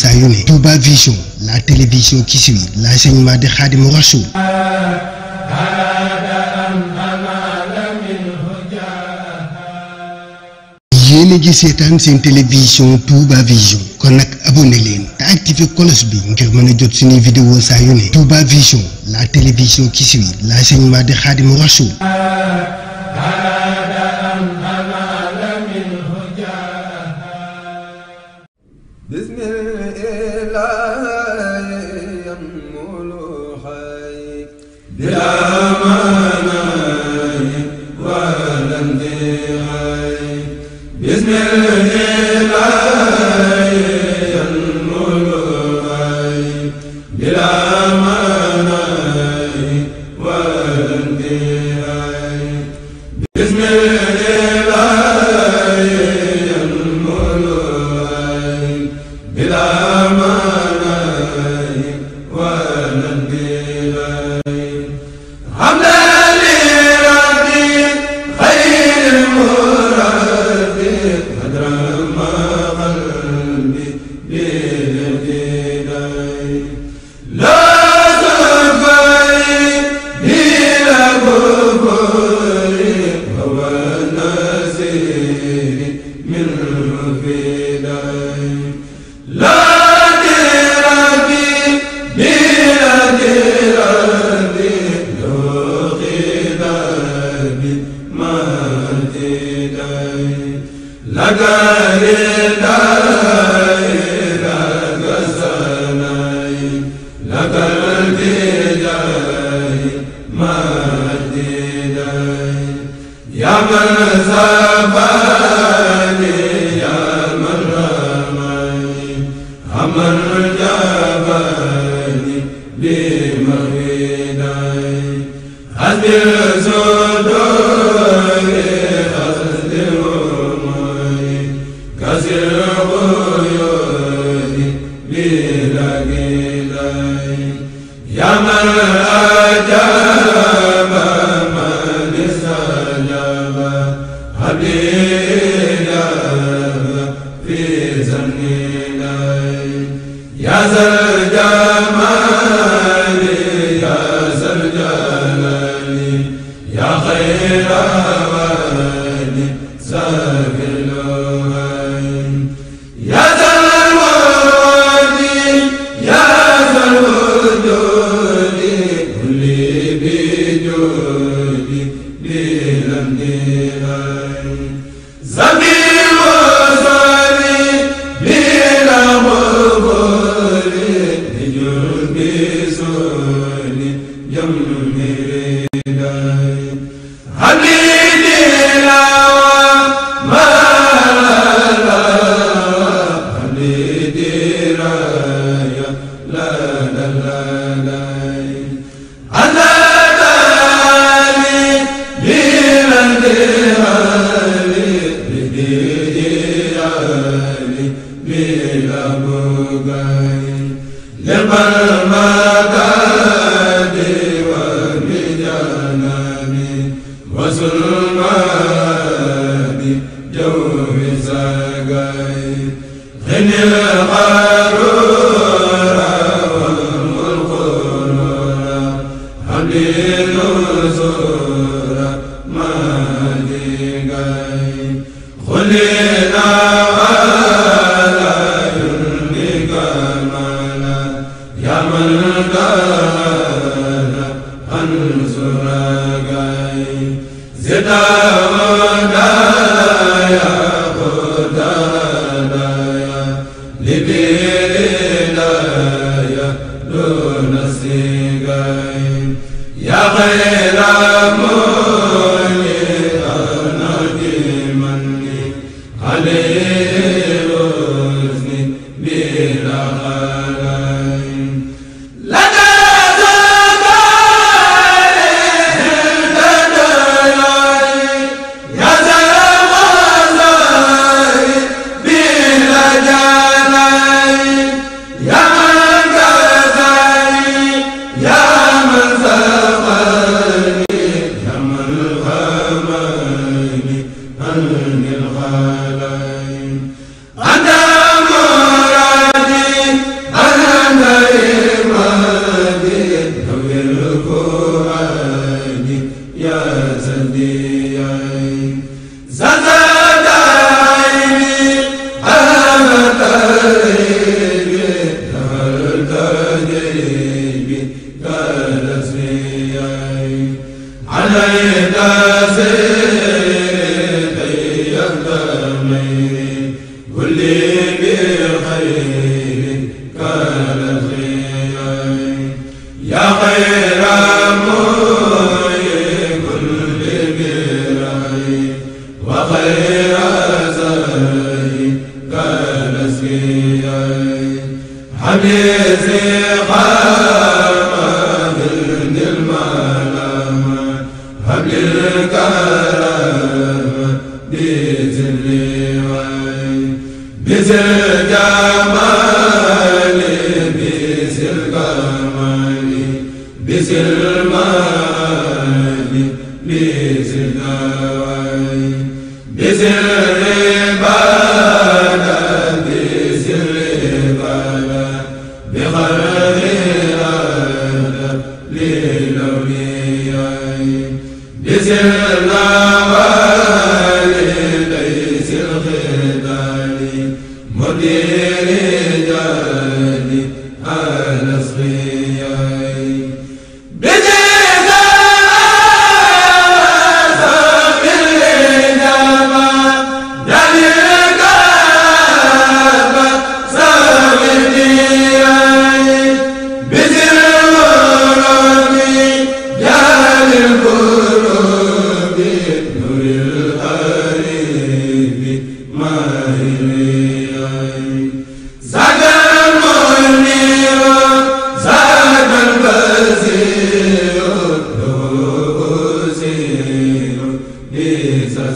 saa yu ne Touba Vision la télévision qui suit l'enseignement de Khadimou Rassoul yéen a seetaan seen télévision Touba Vision kon nag abonné leen te activé cloche bi ngir mën a jot suñuy vidéo saa yu ne Touba Vision la télévision qui la l'enseignement de Khadimou Rassoul Amen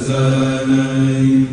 زانين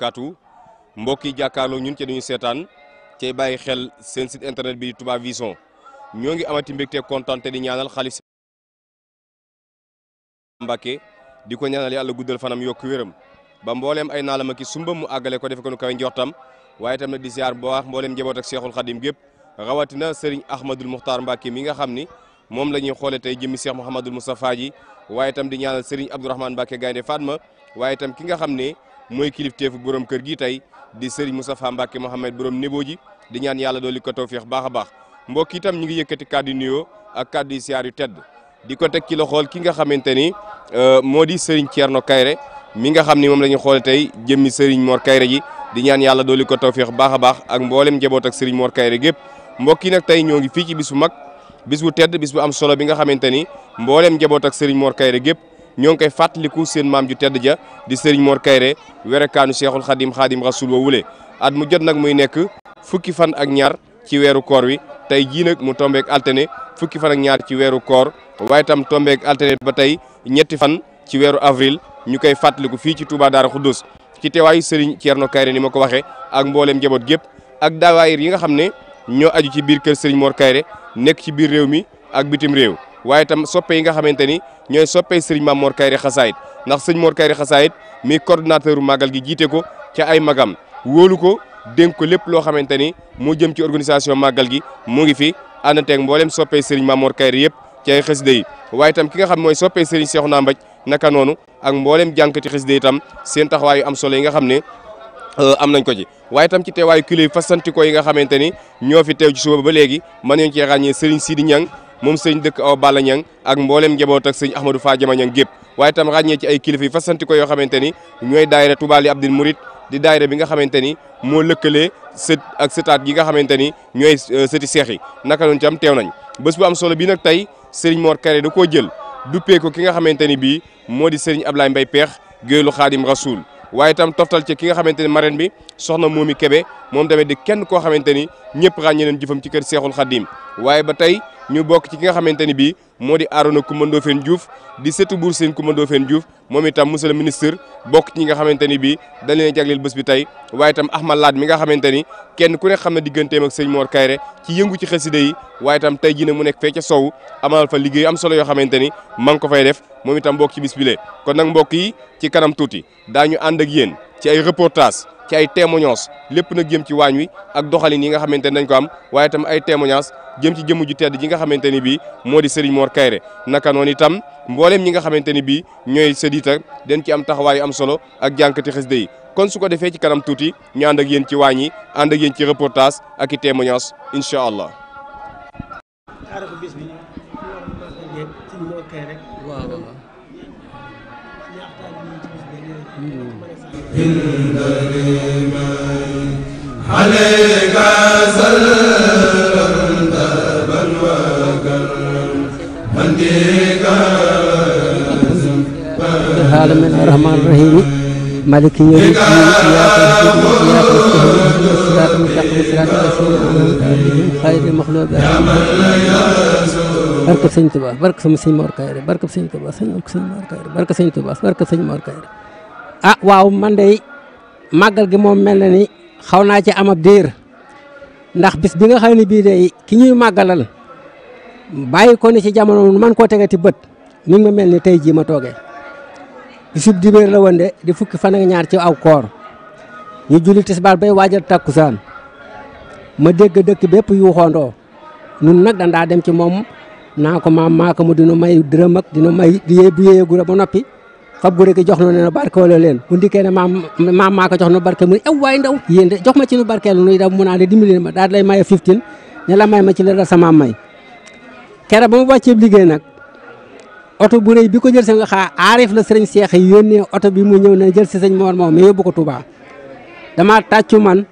barakaatu mbokk yi jàkkaarloo ñun ci dañu seetaan cay bàyyi xel seen site internet bi Touba Vision ñoo ngi amati mbégte kontaan te di ñaanal xalif Mbàkke di ko ñaanal yàlla guddal fanam yokk wéram ba mbooleem ay naalama ki sumba mu àggale ko defe ko nu kawe njortam waaye tam na di ziar bu baax mbooleem njaboot ak Seexul Xadim gépp rawatina Serigne Ahmadul Muxtaar Mbàkke mi nga xam ni moom lañuy ñuy xoole tey jëmmi Cheikh Mouhamadul Moustapha ji waaye itam di ñaanal Serigne Abdourahmane Mbacke Gaynde Fatma waaye itam ki mooy kilifteefu borom kër gi tey di sëriñ Moustapha Mbacke Mohamed borom Nebo ji di ñaan yàlla dooli ko tawféex baax a baax mbokk itam ñu ngi yëkkati kàddu nuyoo ak kàddu yu siyaar yu tedd di ko teg ci xool ki nga xamante ni euh, moo di sëriñ Thierno Kayre mi nga xam ni moom la ñu xool tey jëmmi sëriñ moor Kayre ji di ñaan yàlla dooli ko tawféex baax a baax ak mboolem njaboot ak sëriñ Mor Kayre gépp mbok yi nag tey ñoo ngi fii ci bis bu mag bis bu tedd bis bu am solo bi nga xamante ni mboolem njaboot ak sëriñ Mor Kayre gépp ñoo ngi koy fàttaliku seen maam ju tedd ja di Serigne Mor Kayre werekaanu Cheikhul Khadim Khadim Rasoul wa le at mu jot nag muy nekk fukki fan ak ñaar ci weeru koor wi tey jii nag mu tombeeg altine fukki fan ak ñaar ci weeru koor waaye tam tombeeg altine ba tey ñetti fan ci weeru avril ñu koy fàttaliku fii ci Touba Daara Khoudous ci teewaayu Serigne Thierno Kayre ni ma ko waxee ak mbooleem njaboot gépp ak daawaayir yi nga xam ne ñoo aju ci biir kër Serigne Mor Kayre nekk ci biir réew mi ak bitim réew waaye itam soppe yi nga xamante ni ñooy soppe sëriñ Maam Mor Kayre Xasaayit ndax sëñ Mor Kayre Xasaayit mi coordonnateur màggal gi jiite ko ca ay magam wóolu ko dénk ko lépp loo xamante ni moo jëm ci organisation màggal gi mu ngi fi àndanteeg mboolem soppe sëriñ Maam Mor Kayre yëpp ci ay xasida waaye itam ki nga xam mooy soppe sëriñ Seexuna Mbaj naka noonu ak mboolem jànkati xasida itam seen taxawaayu am solo yi nga xam ne euh, am nañ ko ci waaye itam ci teewaayu kilifa fasantikoo yi nga xamante ni ñoo fi teew ci ba léegi mën nañ cee ràññee sëriñ Sidi Ñang moom sëñ dëkk aw Balla Niang ak mboolem njaboot ak sëñ Ahmadou Fadiama Niang gépp waaye tam ràññee ci ay kilifa yi fasanti ko yoo xamante ni ñooy daayira Touba li Abdil di daayira bi nga xamante ni moo lëkkalee sët ak sëtaat gi nga xamante ni ñooy euh, sëti seex yi naka noonu ci am teew nañ bés bu am solo bi nag tey sëriñ Mor Kare da koo jël duppee ko ki nga xamante ni bii moo di sëriñ Ablaye mbay Peex géelu Xaadim Rasoul waaye itam toftal ci ki nga xamante ni marraine bi soxna Momi Kebe moom tamit di kenn koo xamante ni ñëpp ràññee leen jëfam ci kër Seexul Xaadim waaye ba ñu bokk ci ki nga xamante ni bii moo di Arona Coumba Ndoffène Diouf di sëtu buur seen Coumba Ndoffène Diouf moom itam monsieur le ministre bokk ci ñi nga xamante ni bii dañ leen jagleel bés bi tey waaye itam Ahmad Laat mi nga xamante ni kenn ku ne xam na digganteem ak sëñ Mor Kayre ci yëngu ci xasida yi waaye itam tey jii ne mu nekk fee ca sow amal fa liggéey am solo yoo xamante ni ma ngi ko fay def moom itam bokk ci bis bile kon nag mbokk yi ci kanam tuuti daañu ànd ak yéen ci ay reportage ci ay témoignages lépp nag jëm ci waañ wi ak doxalin yi nga xamante ne dañ ko am waaye itam ay témoignages jëm ci jëmm ju tedd ji nga xamante ni bii moo di Serigne Mor Kayré naka noonu itam mbooleem ñi nga xamante ni bii ñooy sédita dañ ci am taxawaayu am solo ak jànkati xasida yi kon su ko defee ci kanam tuuti ñu ànd ak yéen ci waañ yi ànd ak yéen ci reportage ak i témoignages incha allah. العالمين الرحمن الرحيم مالك يوم الدين إياك نعبد وإياك نستعين صراط المستقيم صراط الذين خير المخلوق barke sëñ Tuubaa barke sama sëñ Mor Kayre barke sëñ Tuubaa sëñ ak sëñ Mor Kayre barke sëñ Tuubaa barke sëñ Mor Kayre ah waaw man dey màggal gi moom mel na ni xaw naa ci am ab diir ndax bis bi nga xam ne bii day ki ñuy màggalal bàyyi ko ni ci jamono man koo tege ti bët ni nga mel ni tey jii ma tooge bisub dibéer la woon di fukki fan ñaar ci aw koor ñu julli tisbaar bay waajal takkusaan ma dégg dëkk bépp yuuxoondoo nun nag dandaa dem ci moom naa ko maam maa ko mu dina may dërëm ak dina may di yee bu yéeyee gura ba noppi fab gu rek jox nu ne na barkeeloo leen bu ndikkee ne maam maam maa ko jox nu barkeel mu ne ew waay ndaw jox ma ci lu barkeel nuy da mu naa de dimbali ma daal lay maye fifteen ne la may ma ci la da sama may kere ba mu wàccee liggéey nag oto bu rëy bi ko jël si nga xaa aarif la sëriñ Seex yónnee oto bi mu ñëw ne jël si sëñ Mor moom mais yóbbu ko Touba damaa tàccu man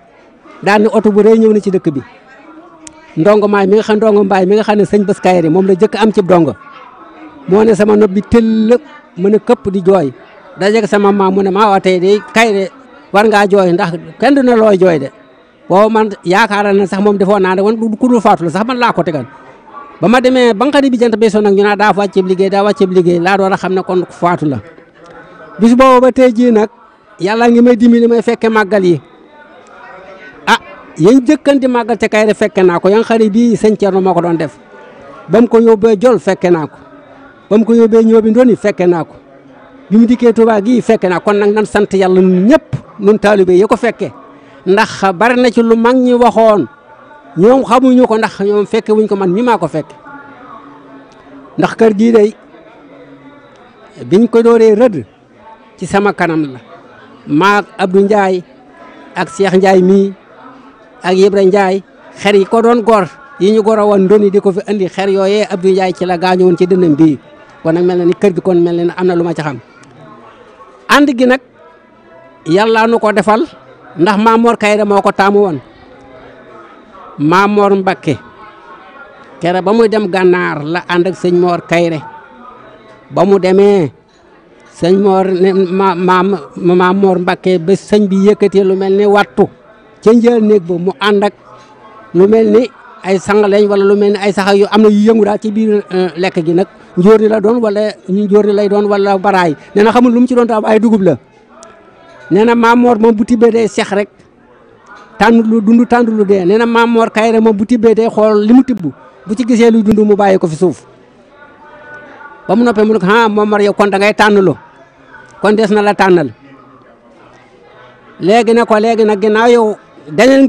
daan ne oto bu rëy ñëw na ci dëkk bi ndongo maay mi nga xam ndongo mbaay mi nga xam ne sëñ Bass moom la jëkk am ci dongo moo ne sama nopp bi tëll mën a këpp di jooy dajeeg sama maam mu ne maa waa tey de kay de war ngaa jooy ndax kenn du ne looy jooy de boobu man yaakaaral ne sax moom defoon naa ne wan ku dul faatu la sax man laa ko tegal ba ma demee ba nga xam ne bi jant nag ñu naan daa wàcceeb liggéey daa wàcceeb liggéey laa door a xam ne kon faatu la bis boobu ba tey jii nag yàlla ngi may dimbali may fekke màggal yi a ah, yéen jëkkan di màggal ca kay fekke naa ko yan xari bii sëñ Thierno moo ko doon def ba mu ko yóbbee jol naa ko ba ko yóbbee ñoo bi ndoon yi fekke naa ko bi mu dikkee Touba gii fekke naa ko nag nan sant yàlla nun ñëpp nun taalibe yi ko fekke ndax bari na ci lu mag ñi waxoon ñoom xamuñu ko ndax ñoom fekke wuñ ko man mi maa ko fekke ndax kër gii day biñ ko dooree rëdd ci sama kanam la maag Abdou njaay ak seex njaay mii ak Ibra Ndiaye xer yi ko doon gor yi ñu gor a woon di ko fi andi xer yooyee Abdou Ndiaye ci la gaañu woon ci dënnam bii kon nag mel na ni kër gi kon mel na ni am na lu ma ca xam ànd gi nag yàlla nu ko defal ndax Mamor Kayre moo ko taamu woon Mamor Mbakke kere ba muy dem gànnaar la ànd ak sëñ Mor Kayre ba mu demee sëñ Mor ne ma Mamor Mbakke ba sëñ bi yëkkatee lu mel ni wattu ca néeg ba mu ànd ak ni ay sang lañ wala lu mel ni ay saxa yu am na yu yëngu daal ci biir euh, lekk gi nag njóor ni la doon wala ñu njóor ni lay doon wala baraay nee xamun lu mu ci doon taam ay dugub la nee na maam Mor moom bu tibbee day seex rek tànn lu dund tànn lu dee nee na maam Mor Kayre moom bu tibbee day xool li mu tibb bu ci gisee luy dund mu bàyyi ko fi suuf ba mu noppee mu ne ko ah moom Mor yow kon da ngay tànn lu kon des na la tànnal léegi na ko léegi na ginnaaw yow dañeen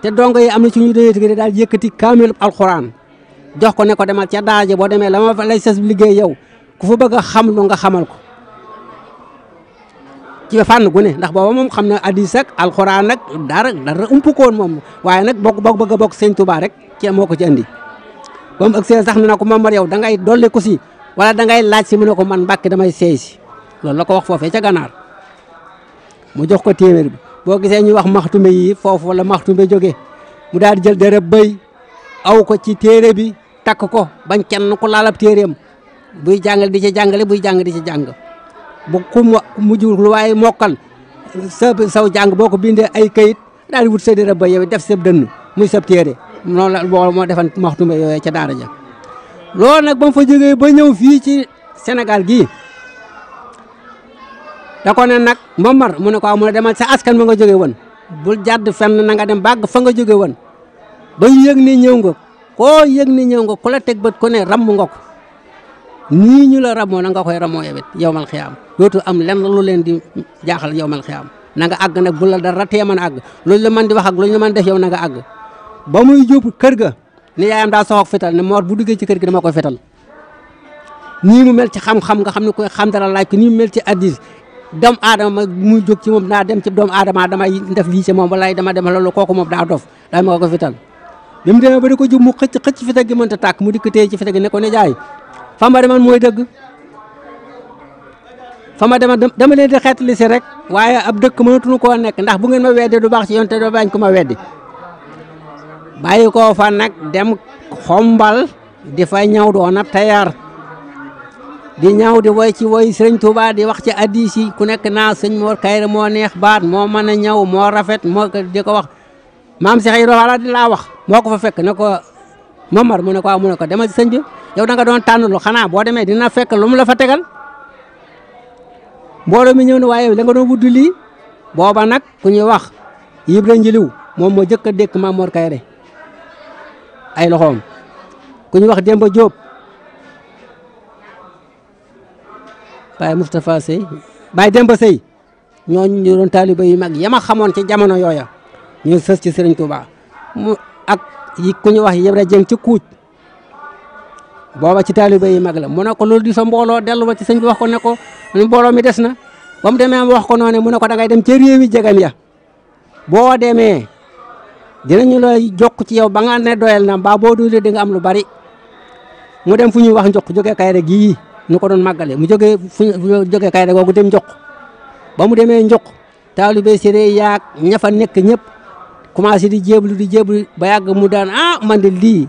te dongo yi am na ci ñu doyati gi daal yëkkati kaamil alxuraan jox ko ne ko demal ca daaje boo demee la ma fa lay sas liggéey yow ku fa bëgg a xam lu nga xamal ko ci fànn gu ne ndax booba moom xam na hadiis ak alxuraan ak dara dara umpu koon moom waaye nag bokk bokk bëgg a bokk sëñ Tuubaa rek ci moo ko ci andi ba mu ëgg see sax ne na ko Mamar yow da ngay dolli ko si wala da ngay laaj si mu ne ko man Mbàkke damay seey si loolu la ko wax foofee ca gànnaar mu jox ko téeméer bi boo gisee ñu wax maxtume yi foofu la maxtume jóge mu daal di jël dërëb bëy aw ko ci téere bi takk ko bañ kenn ku laalab téereem buy jàngale di ci jàngale buy jàng di ci jàng bu ku mujj lu waaye mokkal sa saw jàng boo ko bindee ay kayit daal di wut sa dërëb bëy yow def sa dënn muy sa téere noonu la boo moo defan maxtume yooyu ca daara ja loolu nag ba fa jógee ba ñëw fii ci Sénégal gii da ko ne nag Momar mu ne ko ah mu ne demal sa askan ba nga jóge woon bul jàdd fenn nanga dem bàgg fa nga jóge woon ba ñu yëg ni ñëw nga koo yëg ni ñëw nga ku la teg bët ko ne ramm nga ko nii ñu la ramoo na nga koy ramoo yow it yow mal xiyaam dootu am lenn lu leen di jaaxal yow mal xiyaam na nga àgg nag bu la dara tee mën a àgg luñ la mën di wax ak luñ la man def yow na nga àgg ba muy jub kër ga ni yaayam daa soxoog fetal ne moor bu duggee ci kër gi dama koy fetal nii mu mel ci xam nga xam ne koy xam dara laaj ko mel ci addis doomu aadama mu jóg ci moom naa dem ci doomu aadama damay def lii ci moom walaay dama dem loolu kooku moom daa dof daa ma ko fital bi mu demee ba di ko jub mu xëcc xëcc fita gi mënta tàkk mu dikk téye ci fita gi ne ko jaay fa ma deman mooy dëgg fa ma demoon dama leen di xeetli si rek waaye ab dëkk mënatuñu koo nekk ndax bu ngeen ma weddi du baax si yoon te doo bañ ko ma weddi bàyyi koo fa nag dem xombal di fa ñaw doon ab tayaar di ñaw di woy ci woy sëriñ Touba di wax ci addis yi ku nekk naa sëñ Mor Kayre moo neex baat moo mën a ñaw moo rafet moo di ko wax maam Cheikh Ibrahima Fall di laa wax moo ko fa fekk ne ko Mamar mu ne ko waaw mu ne ko demal sëñ bi yow da nga doon tànn lu xanaa boo demee dina fekk lu mu la fa tegal mbooloo mi ñëw ne waaye da nga doon wudd lii booba nag ku ñu wax Ibra Njiliw moom moo jëkk a dékk Maam Mor Kayre ay loxoom ku ñuy wax Demba Diop. Baye Moustapha Sey Baye Demba Sey ñoo ñu doon taaliba yu mag yama xamoon ci jamono yooya ñu sës ci Serigne Touba mu ak yi ku ñu wax Yebra Jeng ci kuuj boo booba ci taaliba yu mag la mu ne ko loolu di sa mbooloo dellu ba ci sëñ bi wax ko ne ko mbooloo mi des na ba mu demee wax ko noonu mu ne ko dangay dem ca réew yi jegam ya boo demee dinañu lay jokk ci yow ba nga ne doyal na mbaa boo dul di nga am lu bari mu dem fu ñuy wax njokk jógee kay rek yii. ñu ko doon màggale mu jógee fu joge jógee kay da dem njoq ba mu demee njoq taalibe séré yaag ña fa nekk ñëpp commencé di jéblu di jéblu ba yàgg mu daan ah man de lii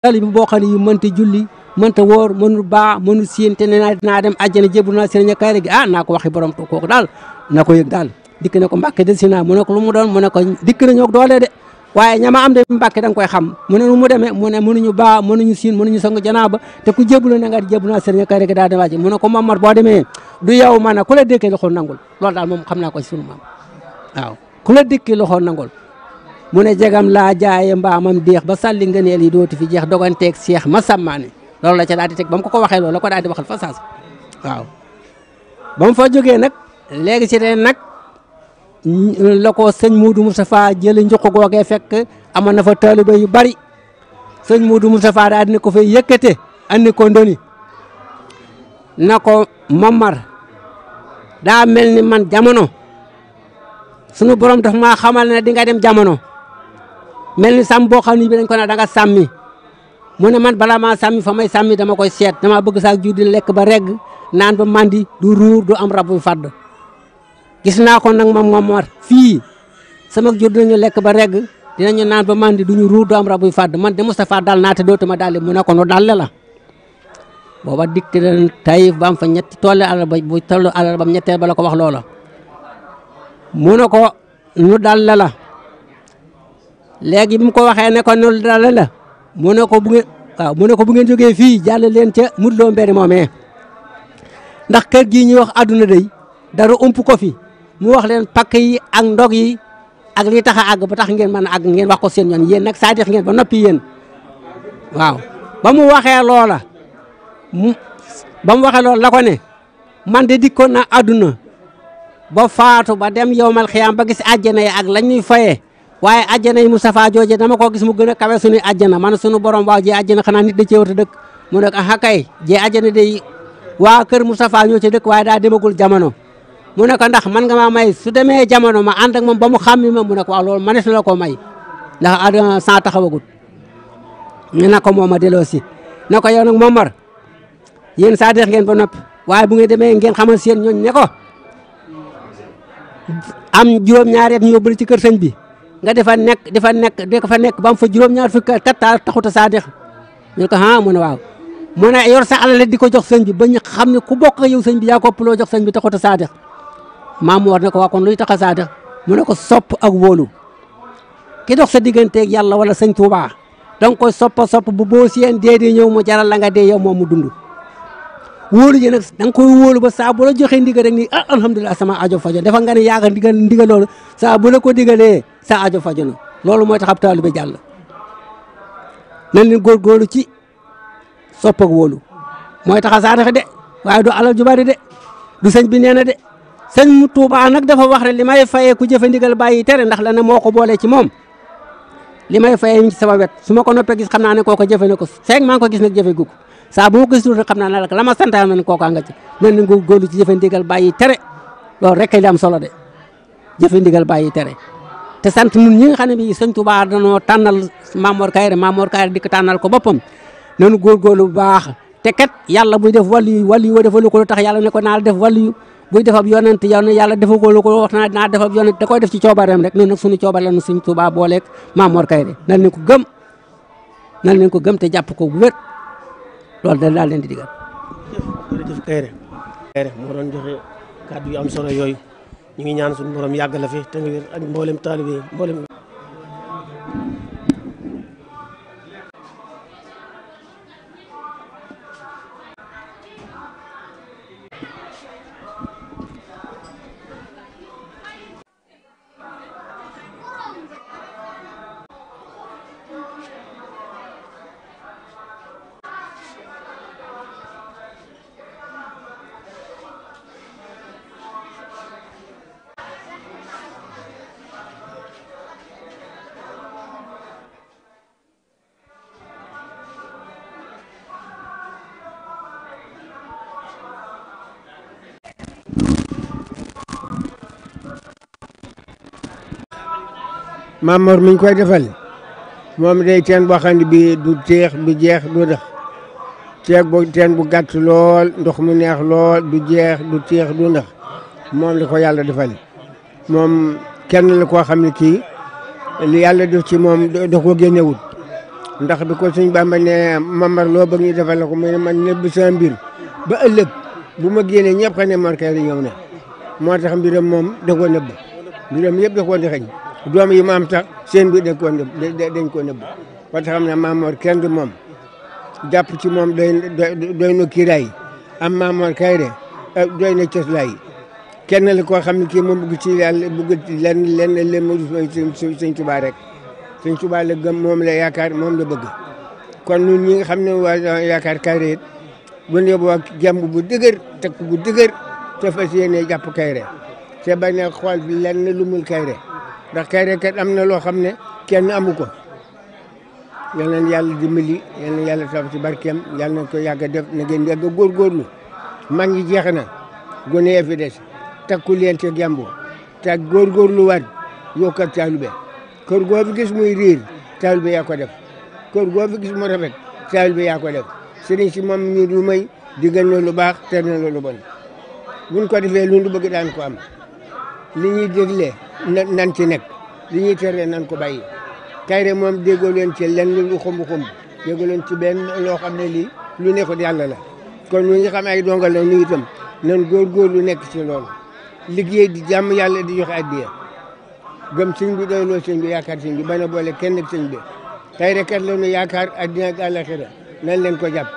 taalibe boo xam ne yu mënta julli mënta wóor mënul baa mënul siin te nee naa dinaa dem àjjana jéblu naa séré ña kay gi ah naa ko waxi borom kooku daal na ko yëg daal dikk na ko mbàkke de si naa mu ne ko lu mu doon mu ne ko dikk na doole de waaye ñama am de Mbàkke da nga koy xam mu ne nu mu demee mu ne mënuñu baa mënuñu siin mënuñu sangu janaaba te na nga jébbalu naa mu ne ko Mamar boo demee ku la dëkkee loxo nangul loolu daal moom xam naa ko ci sunu maam waaw ku la dëkkee loxo nangul mu ne jegam laa jaaye mbaamam deex yi dooti fi jeex doganteeg seex ma sàmmaane loolu la ca daal di teg ba mu ko ko waxee loolu la ko daal di waxal fa saas waaw ba mu fa jógee nag léegi ci teen nag la ko sëñ Moudou Moustapha jëlee njuq googee fekk amoon na fa taaliba yu bari sëñ Moudou Moustapha daal dina ko fay yëkkate andi ko ndoni na ko Momar daa mel ni man jamono sunu borom daf maa xamal ne di nga dem jamono mel ni sam boo xam ne bi dañ ko ne da nga sàmmi mu ne man balaa maa sàmmi fa may sàmmi dama koy seet dama bëgg saak jur di lekk ba regg naan ba mandi du ruur du am rabu bu gis naa ko nag moom moom war fii sama jur dinañu lekk ba reg dinañu naan ba mandi duñu ruu du am rabuy fàdd man de Moustapha daal naate dootuma daal mu ne ko nu dalle la booba dikte leen tayif ba am fa ñetti tolle alal ba bu tollu alal ba ñetteel ba la ko wax loola mu ne ko nu dalle la léegi bi mu ko waxee ne ko nu dalle la mu ne ko bu ngeen waaw mu ne ko bu ngeen jógee fii jàll leen ca mudloo mberi moomee ndax kër gii ñuy wax àdduna day dara ump ko fi mu wax leen pakk yi ak ndog yi ak li tax a àgg ba tax ngeen man a àgg ngeen wax ko seen yoon yéen nag saadix ngeen ba noppi yéen waaw ba mu waxee loola mu ba mu waxee loola la ne man de dikkoon na àdduna ba faatu ba dem yowmal xiyaam ba gis àjjana yi ak lañ ñuy fayee waaye àjjana yi safaa jooje dama koo gis mu gën a kawe suñuy àjjana man sunu borom waaw jee àjjana xanaa nit da cee war a dëkk mu ne ah kay jee àjjana day waa kër Moustapha ñoo ci dëkk waaye daa demagul jamono. mu ne ko ndax man nga maa may su demee jamono ma ànd ak moom ba mu xàmmi ma mu a ko waaw loolu mënees na la ko may ndax àdduna sans taxawagut ñu ne ko moom ma delloo si na ko yow nag Momar yéen saa deex ngeen ba noppi waaye bu ngeen demee ngeen xamal seen ñooñ ne ko am juróom-ñaari at ñu yóbbu ci kër sëñ bi nga defa nekk defa nekk de fa nekk ba mu fa juróom-ñaar fukki at kat saa deex ñu ne ko ah mu ne waaw mu ne yor sa alal di ko jox sëñ bi ba ñu xam ne ku bokk yow sëñ bi yaa ko jox sëñ bi taxuta saa Maamoor ne ko waa kon luy tax a saada mu ne ko sopp ak wóolu ki dox sa digganteeg yàlla wala sëñ Tuubaa da nga ko soppa sopp bu boo siyeen dee di ñëw mu jaral langa nga dee yow moom mu dund wóolu ji nag da nga koy wóolu ba saa bu la joxee ndigal rek ni ah sama ajo fajo dafa nga ne yaakaar ndigal ndigal loolu saa bu la ko digalee sa ajo fajo na loolu mooy tax ab taalibe jàll nañ leen góorgóorlu ci sopp ak wóolu mooy tax a saada de waaye du alal ju de du sëñ bi sëñ mu Tuubaa nag dafa wax ne li may fayee ku jëfe ndigal bàyyi tere ndax la ne moo ko boole ci moom li may fayee ñu ci sama wet su ma ko noppee gis xam naa ne kooka jëfe na ko feeg maa ngi ko gis nag jëfe gukk saa bu ma ko gis xam naa ne rek la ma santaan ma ne kooka nga ci mel ni góorgóorlu ci jëfe ndigal bàyyi tere loolu rek kay am solo de jëfe ndigal bàyyi tere te sant ñun ñi nga bi ne bii sëñ Tuubaa danoo tànnal Mamor Kayre Mamor Kayre di ko tànnal ko boppam nanu góorgóorlu bu baax te kat yàlla buy def wàllu yu wàllu yu wa defalu ko lu tax yàlla ne ko naa de wàllu yu buy def ab yonent yàlla yàlla defoo ko lu ko wax naa dinaa def ab yonent da koy def ci coobareem rek noonu nag suñu coobare la nu Sëñ Tuubaa booleeg Maam Mor Kayre nan leen ko gëm nan leen ko gëm te jàpp ko bu wér loolu daal daal leen di digal. jërëjëf Kayre Kayre moo doon joxe kàddu yu am solo yooyu ñu ngi ñaan suñu borom yàgg la fi te nga wér ak mboolem taalibe mboolem. Mamor mi ñu koy defal moom de teen boo xam ne bii du teex du jeex du dex teeg bu teen bu gàtt lool ndox mu neex lool bu jeex du teex du ndax moom la ko yàlla defal moom kenn la ko xam ne kii li yàlla def ci moom da ko génnewul ndax bi ko suñ Bàmba ne Mamar loo bëgg ñu defal la ko mu ne man nëbb sa mbir ba ëllëg bu ma génnee ñëpp xam ne Mor Kayré ñëw na moo tax mbiram moom da koo nëbb mbiram yëpp da koo dexeñ doom yi maam tax seen bi dañ koo nëbb dañ koo nëbb parce que xam ne Maam jàpp ci moom doy doy na am Maam Mor Kayré eh, doy na coslaay kenn la koo xam ne kii moom bëgg ci yàlla bëgg lenn lenn lenn mu sëñ Tuubaa rek sëñ Tuubaa la gëm moom la yaakaar moom la bëgg kon ñun ñi nga xam ne waa yaakaar Kayré it bu ñu yóbboo jàmb bu bu dëgër te fas yéene jàpp Kayré te bañ a xool lenn lu mul ndax Kayré kat am na loo xam ne kenn amu ko yal nañ yàlla dimbali yal nañ yàlla taw ci barkeem yal nañ ko yàgg def na ngeen yàgg a góorgóorlu mag ñi jeex na gone ya fi des takku leen ca gembu te góorgóorluwaat yokk ak taalube kër goo fi gis muy riir taalube yaa ko def kër goo fi gis mu rafet taalube yaa ko def sëriñ si moom ñu lu may digal na lu baax ter na lu bon ko defee lu ñu daan ko am li ñuy dégle nan ci nekk li ñuy tere nan ko bàyyi kayre moom déggoo leen ci lenn lu xumb xumb déggoo leen ci benn loo xam ne lii lu nekkul yàlla la kon ñu ngi xam ay dongal la ñu itam nan góor-góor lu nekk ci loolu liggéey di jàmm yàlla di joxe addiya gëm sëñ bi doy loo sëñ bi yaakaar sëñ bi bana boole kenn ak sëñ bi kayre kat la ñu yaakaar addina ak àllaxira nan leen ko jàpp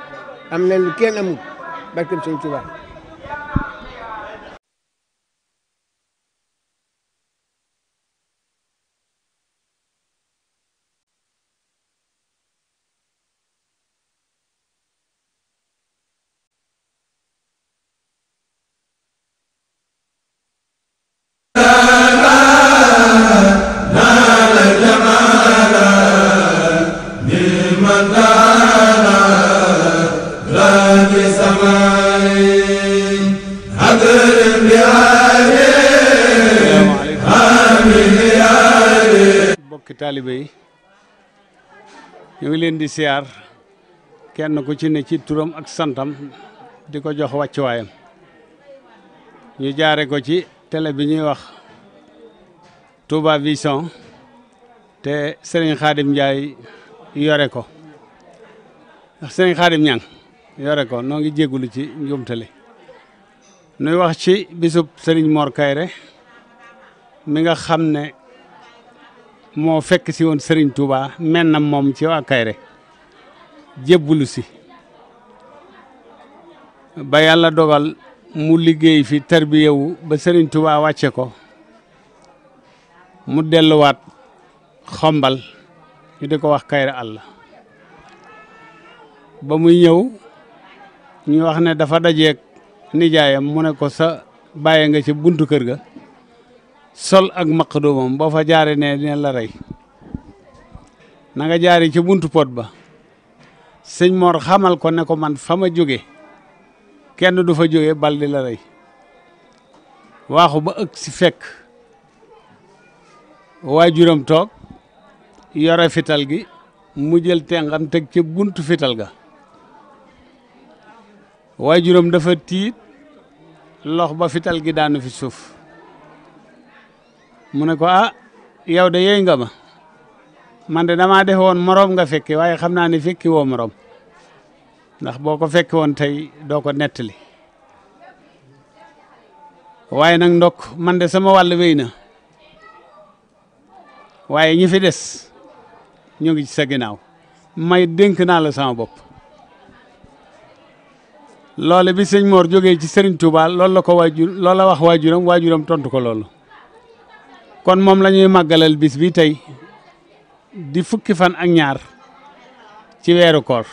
am na lu kenn amul barkam sëñ Tuubaa di siyaar kenn ku ci ne ci turam ak santam di ko jox wàccuwaayam ñu jaare ko ci télé bi ñuy wax Touba Vision te sëriñ Khadim Ndiaye yore ko ndax Serigne Khadim yore ko noo ngi jéggulu ci njuumtali nuy wax ci bisub sëriñ Mor Kayre mi nga xam ne moo fekk si woon Serigne Touba mennam moom ci waa Kayre jébbalu si ba yàlla dogal mu liggéey fi tarbiyewu ba Sëriñ Tuubaa wàcce ko mu delluwaat xombal ñu di ko wax kayra àll ba muy ñëw ñu wax ne dafa dajeeg nijaayam mu ne ko sa bàyye nga ci buntu kër ga sol ak maq doomam boo fa jaare ne ne la rey na jaari ci buntu pot ba sëñ Mor xamal ko ne ko man fa ma jóge kenn du fa jóge bal di la rey waaxu ba ëgg si fekk waa waajuram toog yore fital gi mu jël tengam teg ca buntu fital ga waa waajuram dafa tiit lox ba fital gi daanu fi suuf mu ne ko ah yow de yey nga ma man de damaa defe woon moroom nga fekki waaye xam naa ne fekki woo moroom ndax boo ko fekki woon tey doo ko nettali waaye nag ndok man de sama wàll wéy na waaye ñi fi des ñu ngi ci sa ginnaaw may dénk naa la sama bopp loole bi sëñ moor jógee ci sëriñ Touba loolu la ko waajur loolu la wax waajuram waajuram tontu ko loolu kon moom la ñuy bis bi tey di fukki fan ak ñaar ci weeru koor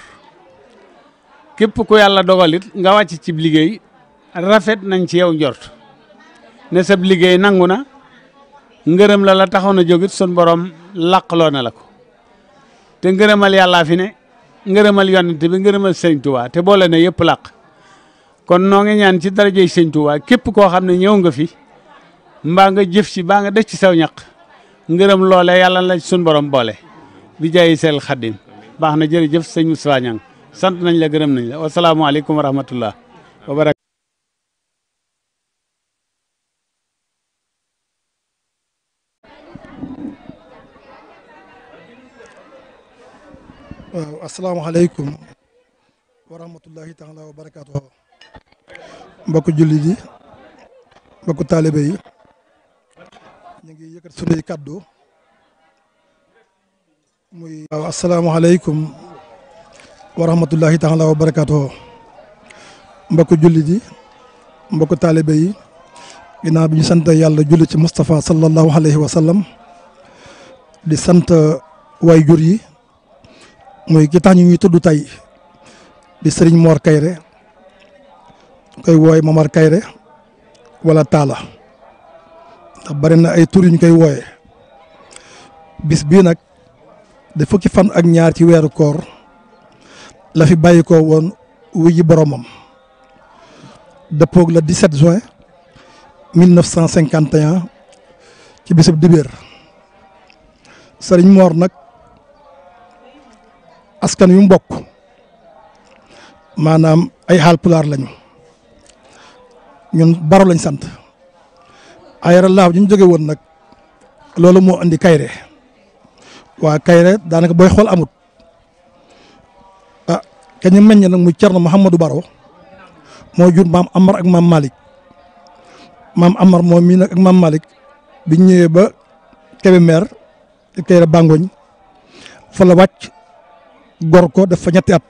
képp ku yàlla dogalit nga wàcc cib liggéey rafet nañ ci yow njort ne sab liggéey nangu na ngërëm la la taxoon na jógit sun borom làqloo na la ko te ngërëmal yàllaa fi ne ngërëmal yonent bi ngërëmal sëñ Tuubaa te boole na yëpp làq kon noo ngi ñaan ci darajey sëñ Tuubaa képp koo xam ne ñëw nga fi mbaa nga jëf ci baa nga def ci saw ñaq ngërëm loole yàlla la suñ borom boole bi jaayi seel xaddim baax na jërëjëf sëñ Moussa Niang sant nañ la gërëm nañ la wasalaamaaleykum wa rahmatullah wa barak waaw asalaamaaleykum wa rahmatullahi taala julli ji mbokku taalibe ñu ngi yëkkat sunuy kàddu muy waaw asalaamaaleykum wa rahmatullahi taala wa barakatuh mbokk jullit yi mbokku taalibe yi ginnaaw bi ñu sant yàlla julli ci Moustapha sallallahu alayhi wa di sant way jur yi muy ki tax ñu ñuy tudd tey di sëriñ Mor Kayre koy wooy Mamar Kayre wala Talla ndax bari na ay tur yu ñu koy wooye bis bii nag da fukki fan ak ñaar ci weeru koor la fi bàyyi ko woon wuji boromam dëppoog la 17 juin 1951 ci bisub dibéer sëriñ Moor nag askan wi mu maanaam ay xaal pulaar lañu ñun baro lañ sant ayara laaw ñu jóge woon nag loolu moo andi kayre waaw kayre daanaka booy xool amut ah ka ñu meññ nag muy Cerno Mouhamadou Baro moo jur maam Amar ak maam Malick maam Amar moom mii ak maam Malick biñ ñëwee ba Kébémer kayre Bangoñ fa la wàcc gor ko def fa ñetti at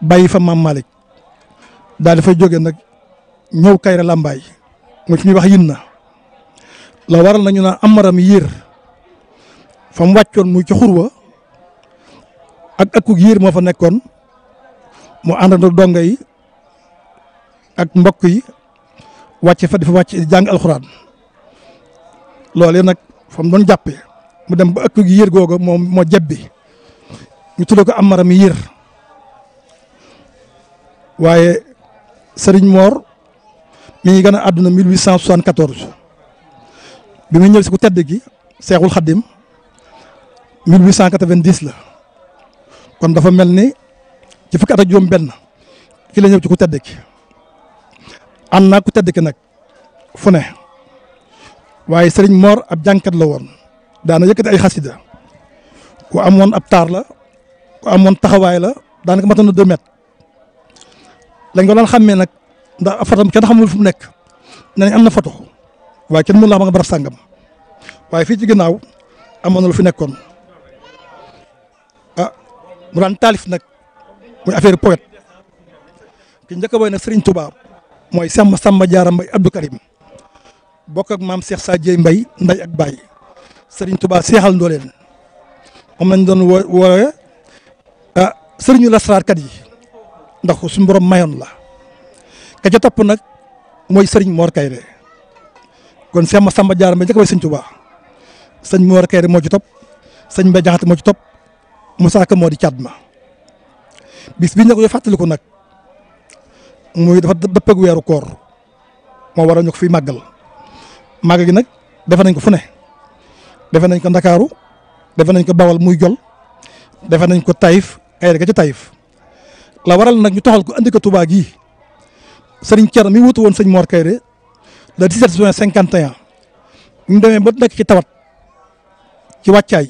bayi fa maam Malick daal di fa jóge nag ñëw kayre Lambaay mu ci ñuy wax yin na la waral nañu naa amaram yéer yiir mu wàccoon muy ci xurwa ak akuk yéer moo fa nekkoon mu àndandoo donga yi ak mbokk yi wàcce fa dafa wàcc jàng alxuraan loole nag fa mu doon jàppee mu dem ba akuk yéer googa moo jebbi ñu tudd ko amaram yéer waaye sëriñ Moor mi ngi gën a àdduna 1874 bi muy ñëw si ku tedd gi seexul xaddim 1890 la kon dafa mel ni ci fukki at ak juróom benn ki la ñëw ci ku tedd ki ànd naa ku tedd ki nag fu ne waaye sëriñ Mor ab jànkat la woon daana yëkkati ay xasida ku amoon ab taar la ku amoon taxawaay la daanaka matoon na deux mètres lañ ko doon xàmmee nag ndax foto kenn xamul fu mu nekk nee am na foto waaye kenn mënul a xam nga barab sàngam waaye fii ci ginnaaw amoon na lu fi nekkoon ah mu daan taalif nag muy affaire poète ki njëkk a sëriñ tubaab mooy Samba Samba Diarra Mbaye Abdou Karim bokk ak maam Cheikh Sadie Mbaye nday ak baay Serigne Touba seexal ndooleen moom lañ doon wo wooyee ah Serigne lasraarkat yi ndax suñu borom mayoon la. ka ca topp nag mooy Serigne Mor Kayre kon Cheikh samba jaar Mbaye njëkk a way Serigne Touba sëñ Mor Kayre moo ci topp sëñ Mbaye Jaxate moo ci topp Moussa moo di caat ma bis ko ñu koy fàttaliku nag muy dafa dëppeg weeru koor moo waral ñu ko fiy màggal màggal gi nag defe nañ ko fu ne defe nañ ko Ndakaaru defe nañ ko Bawal muy jol defe nañ ko Taïf ay rek ci Taïf la waral nag ñu taxal ko andi ko Touba gii sëriñ Thierno mi wutu woon sëñ Mor Kayre le 17 juin 51 ñu demee ba nekk ci tawat ci wàccaay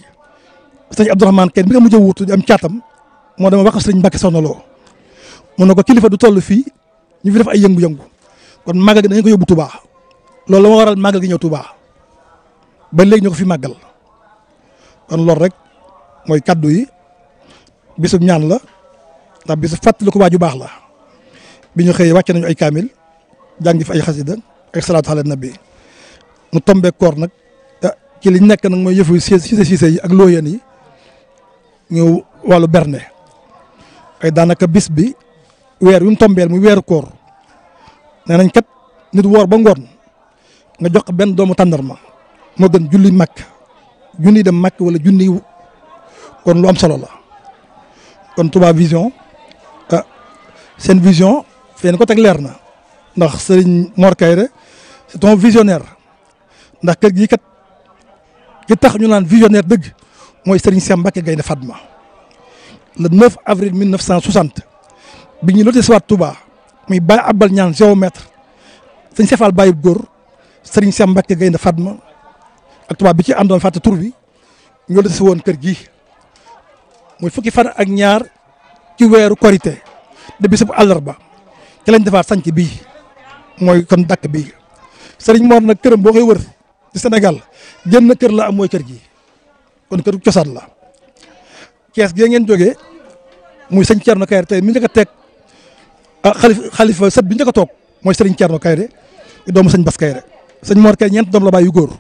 sëñ Abdourahmane Kayre bi nga mujj a di am caatam moo dama wax sëriñ mbakki Soxna Lo mu ne ko kilifa du toll fii ñu fi def ay yëngu-yëngu kon màggal gi dañu ko yóbbu Touba loolu la ma waral màggal gi ñëw Touba ba léegi ñu ko fi màggal kon loolu rek mooy kaddu yi bisu ñaan la ndax bisu fàttali ko waaju baax la. bi ñu xëyee wàcce nañu ay kaamil jàngi fi ay xasida ay salaatu ala nabi mu tombé koor nag ci liñ nekk nag mooy yëfu Cissé Cissé yi ak looyeen yi ñu wàllu berne ay daanaka bis bi weer yu mu tombeel mu weer koor nee nañ kat nit woor ba ngoon nga jox ko benn doomu tàndarma moo gën julli màkk junni dem màkk wala junni kon lu am solo la kon Touba Vision ah, seen vision feen ko teg leer na ndax sëriñ Mor Kayre c'est un visionnaire ndax kër gi kat li tax ñu naan visionnaire dëgg mooy sëriñ Cheikh Mbacke Gaynde Fatma le 9 avril 1960 bi ñu lotee si waat Touba muy Baye Abal ñaan géomètre sëñ Sefal Baye góor sëriñ Cheikh Mbacke Gaynde Fatma ak Touba bi ci àndoon fàtte tur bi ñu lotee si woon kër gi muy fukki fan ak ñaar ci weeru korité bu bisu ba ci lañ defaat sanc bii mooy kon dàkk bii sëriñ Mor nag këram boo koy wër ci Sénégal na kër la am mooy kër gi kon këru cosaan la kees gee ngeen jógee muy sëñ Thierno Kayre tey mi njëkk a teg ah xalifa xalifa sët bi njëkk a toog mooy sëriñ Kayre doomu sëñ Bas Kayre sëñ Mor Kayre ñeent doom la bàyyi yu góor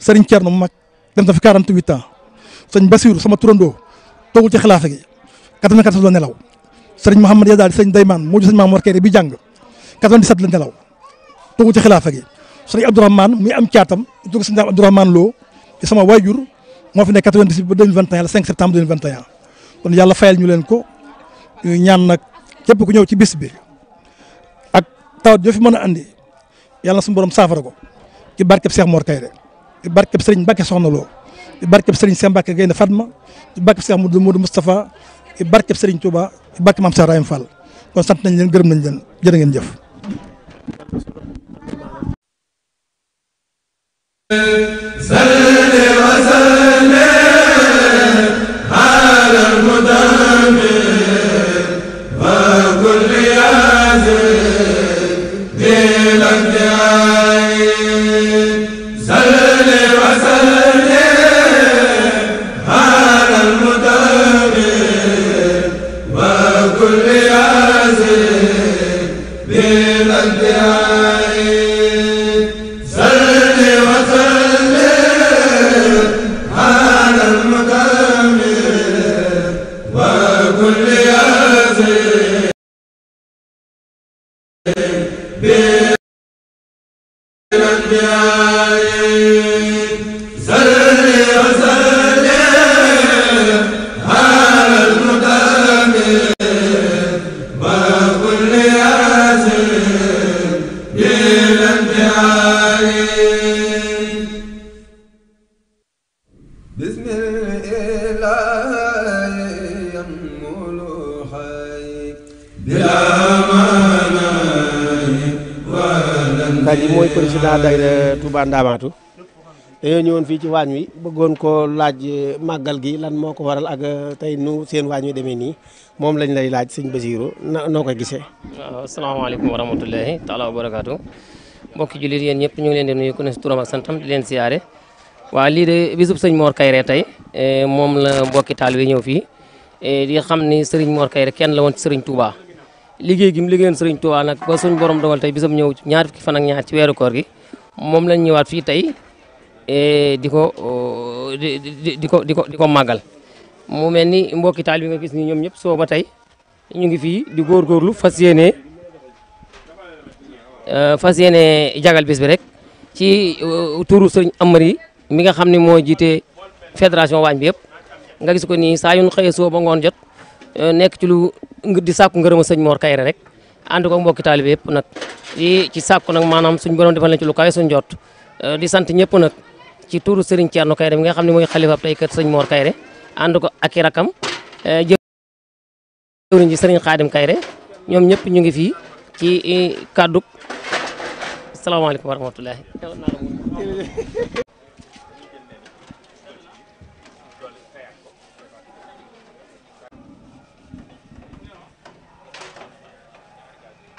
sëriñ Thierno mu mag dem na fi 48 ans sëñ Basiirou sama turandoo toogul ci xilaafa gi 94 la nelaw. sëriñ Mouhamed Yazali sëriñ Dayman moo ju sëriñ Mamour Kéré bi jàng 97 la nelaw toogu ci xilaafa gi sëriñ Abdourahmane muy am caatam dugg sëriñ daam Abdourahmane Lo di sama waajur moo fi nekk 98 ba 2021 le 5 septembre 2021 kon yàlla fayal ñu leen ko ñaan nag képp ku ñëw ci bis bi ak tawat yoo fi mën a andi yàlla na suñu borom saafara ko ci barkeb Cheikh Mor Kayre ci barkeb Serigne Mbacke Soxna Lo ci barkeb Serigne Sèye Mbacke Gaynde Fatma ci barkeb Cheikh Modou Moustapha barkeb Serigne Touba barke Mame Cheikh Ibrahima kon sant nañ leen gërëm nañ leen jërë ngeen jëf. صل وسلم على Touba Ndamaatu dañoo ñëwoon fii ci waañ wi bëggoon koo laaj eh, màggal gi lan moo ko waral ak eh, tey nu seen waañ wi demee nii moom lañ lay laaj sëñ Basiiru na noo koy gisee. waaw asalaamaaleykum wa rahmatulahi taala wa barakaatu mbokki jullit yéen ñëpp ñu ngi leen di nuyu ku ne si turam ak santam di leen siyaare waaw lii de bisub sëñ Mor Kayre tey eh, moom la mbokki taal wi ñëw fii di xam ni sëriñ Mor Kayre kenn la woon ci sëriñ Touba. liggéey gi mu liggéeyoon sëriñ Touba nag ba suñ borom dogal tey bisam ñëw ñaar fukki fan ak ci weeru koor gi moom lañ ñëwaat fii tey eh, di ko oh, di ko di ko di ko màggal mu mel ni mbokki taal bi nga gis ni ñoom ñëpp soo ba tey ñu ngi fii di góorgóorlu fas yéene eh, fas yéene jagal bis bi rek ci eh, turu sëñ Amari mi nga xam ni mooy jiite fédération waañ bi yëpp nga gis ko ni saa yu ñu xëyee soo ba ngoon jot nekk ci lu di sàkku ngërëma sëñ moor Kayre rek ànd ko mbokki taalibe yëpp nag di ci sàkku nag maanaam suñ borom defal nañ ci lu kawe suñ jot euh, di sant ñëpp nag ci tuuru Serigne Thierno Kairé mi nga xam ne mooy xalifa tey kër sëñ Mor Kairé ànd ko ak i rakam euh, jëwriñ ji Serigne Khadim Kairé ñoom ñëpp ñu ngi fii ci euh, kàddu salaamaaleykum wa rahmatullahi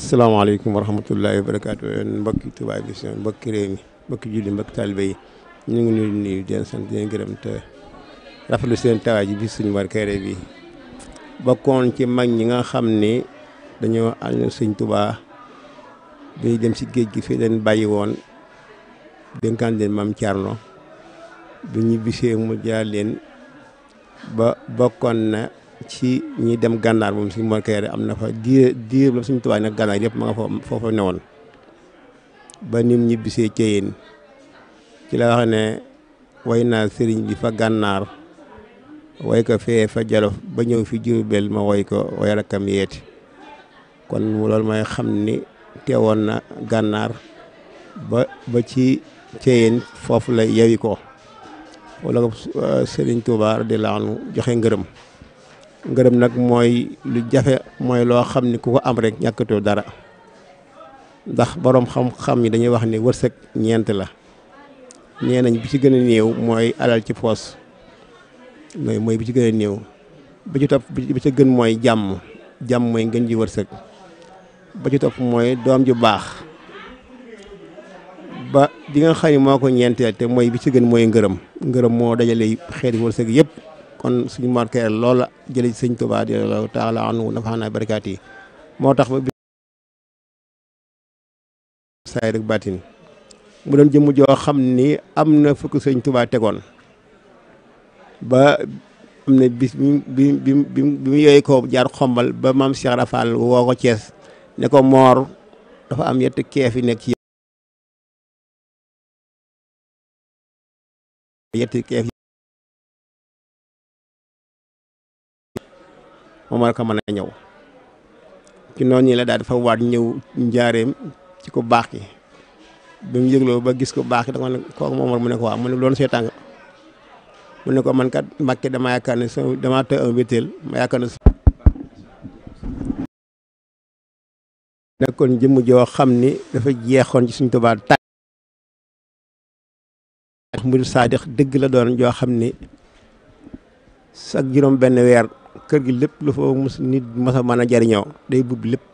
salaamaaleykum wa rahmatullahi wa barakaatu mbokki Touba Vision mbokki réew mi mbokki julli mbokki taalibe yi ñu ngi nuyu nuyu di leen sant di leen gërëm te rafetlu seen tawaay ji bi suñu war kayre bi bokkoon ci mag ñi nga xam ni dañoo ànd sëñ Touba bi dem si géej gi fi leen bàyyi woon dénkaan leen maam Thierno bi ñu bisee mu jaar leen na ci ñi dem gànnaar moom suñu mor am na fa diir diir la suñu tubaab nag gànnaar yëpp ma nga fa foofa newoon ba nim ñibbisee ceyeen ci la wax ne way naa sëriñ bi fa gànnaar way ko fee fa jolof ba ñëw fi Jurbel ma way ko way rakkam yeeti kon loolu mooy xam ni teewoon na gànnaar ba ci ceyeen foofu la yewi ko wala euh, sëriñ Tuubaa radiyallaahu anhu joxe ngërëm ngërëm nag mooy lu jafe mooy loo xam ni ku ko am rek ñàkkatoo dara ndax boroom xam-xam ñi dañuy wax ni wërsëg ñeent la nee nañ bi ci gën a néew mooy alal ci poos mooy mooy bi ci gën a néew ba ci topp bi ci gën mooy jàmm jàmm ngën ji wërsëg ba ci topp mooy doom ju baax ba di nga xam ni moo ko ñeenteel te mooy bi ci gën mooy ngërëm ngërëm moo dajale xeeti wërsëg yëpp kon suñu marqué loola jële ci sëñ Tuubaa di la taala anu nafaana barakaat yi moo tax ba bi saay rek baatin mu doon jëmm joo xam ni am na fukk sëñ Tuubaa tegoon ba am na bis bi bi bi mu yooyu ko jaar xombal ba maam Cheikh Rafal woo ko Cees ne ko moor dafa am yett keef nekk yetti keef moom war ko mën a ñëw ci noonu ñi la daal dafa waat ñëw njaareem ci ko baax ki bi mu yëgloo ba gis ko baax ki da nga ne kooku mu ne ko waaw mu ne loolu seetaan nga mu ne man kat Mbàkke dama dama tëj am wéteel ma joo xam ni dafa jeexoon ci suñu Tuubaa tàkk dëgg la doon joo xam ni sax weer kër gi lépp lu fa mus nit masa mën a jariñoo day buub lépp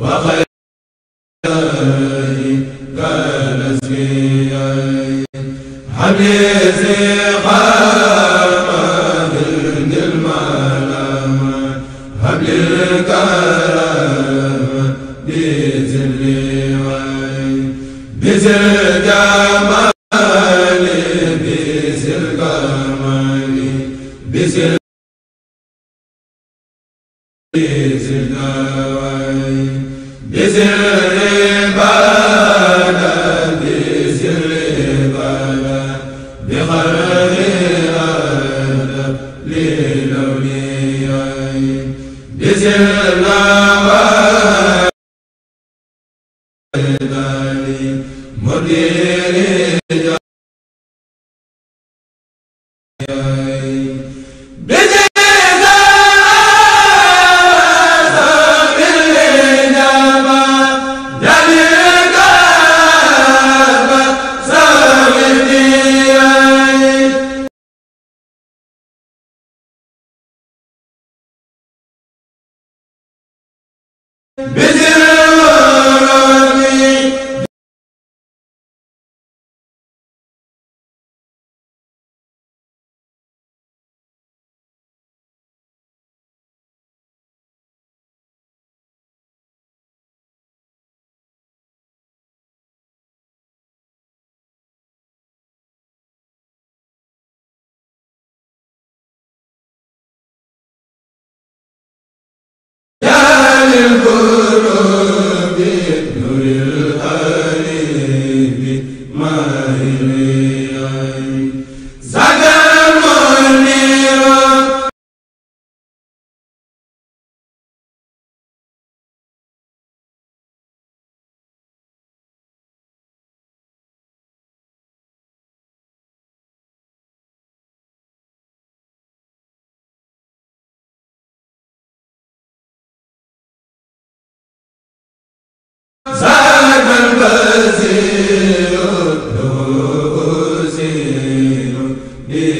وخير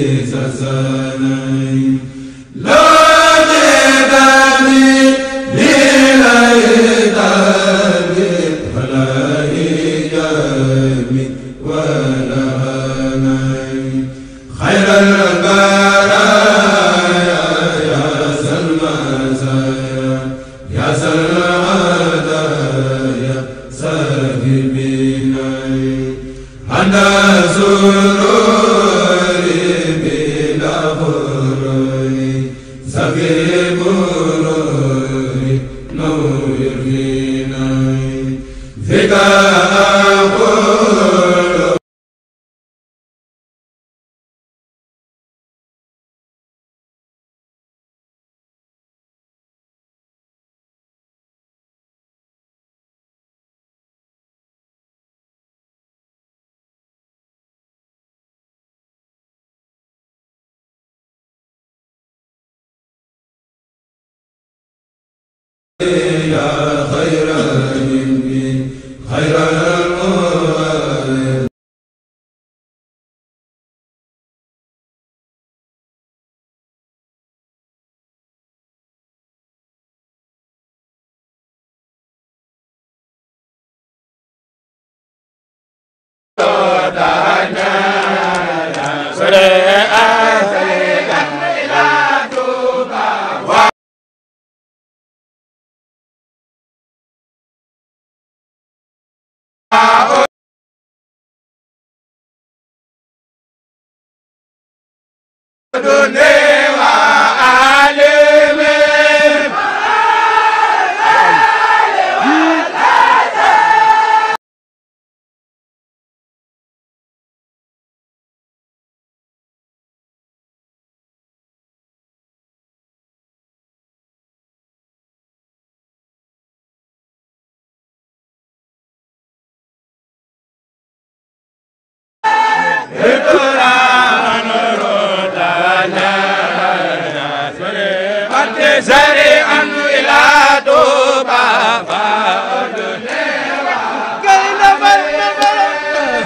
زلزالين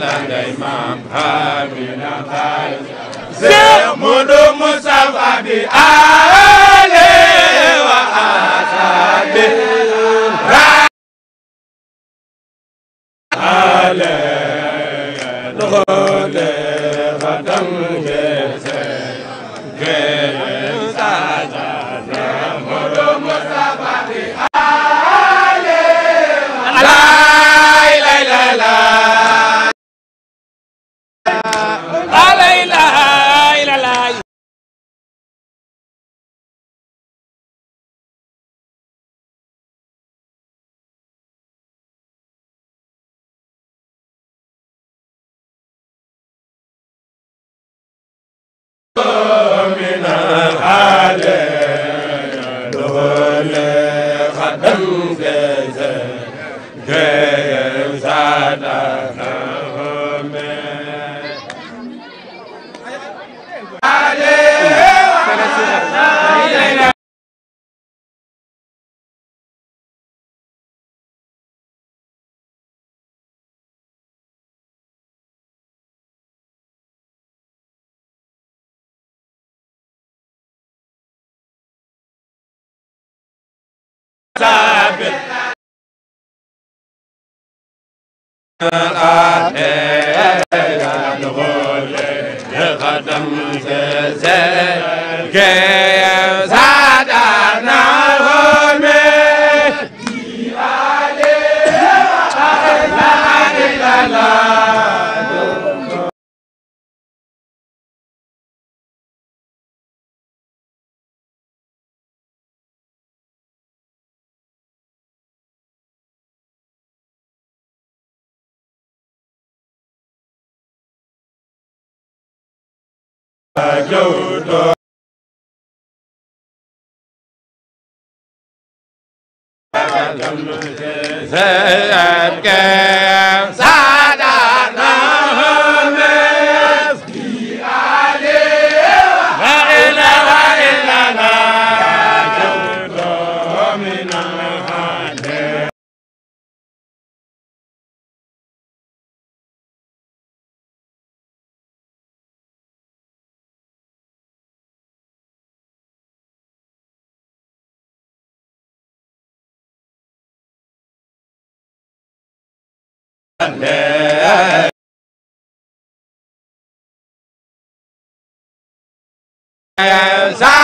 na ndey maam Amina Baay Seex Moodu Musaa bi ate جود زاد Gaza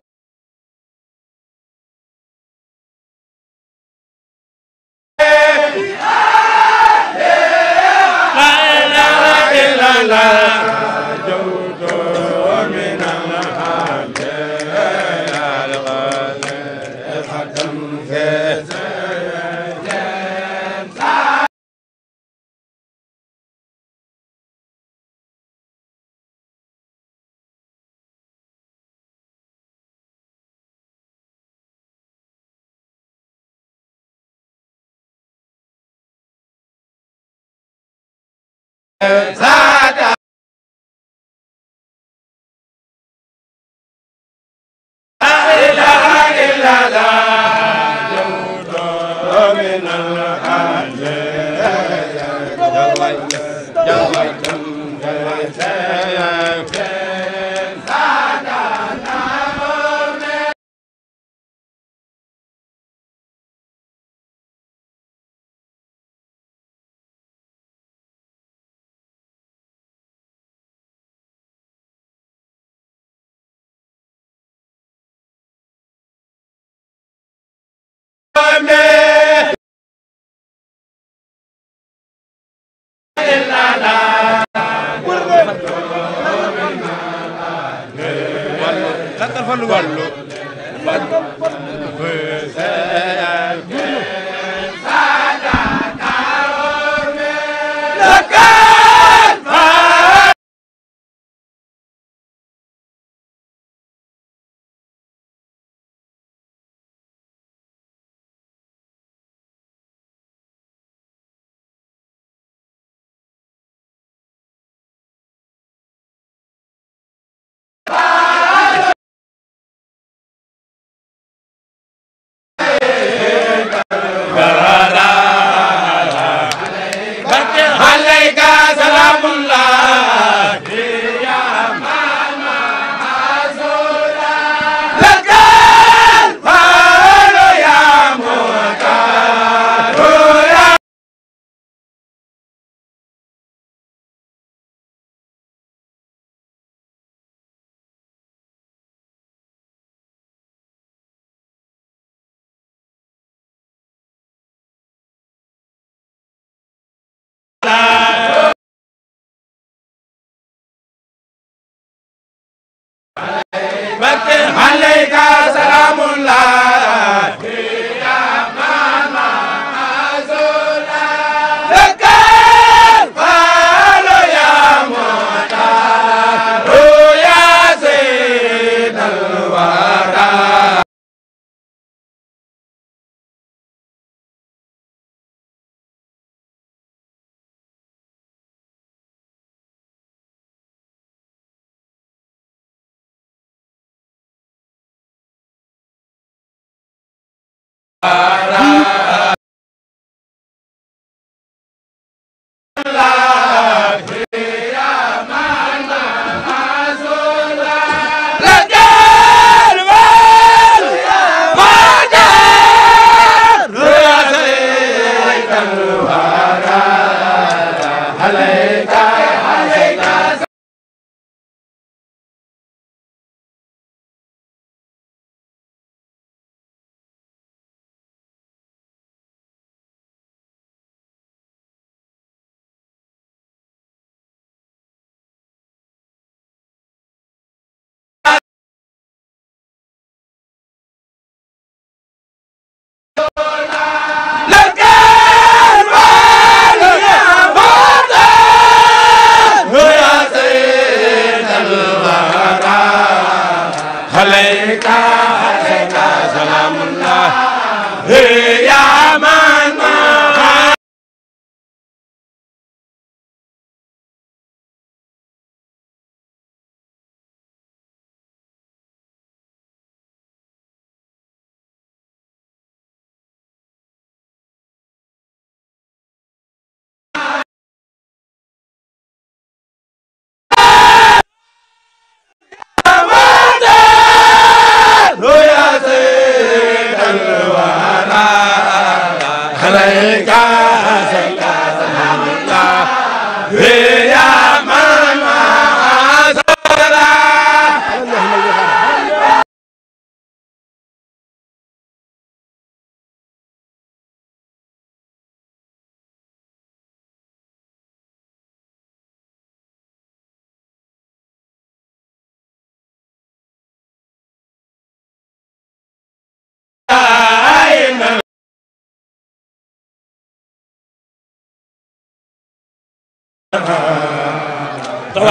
a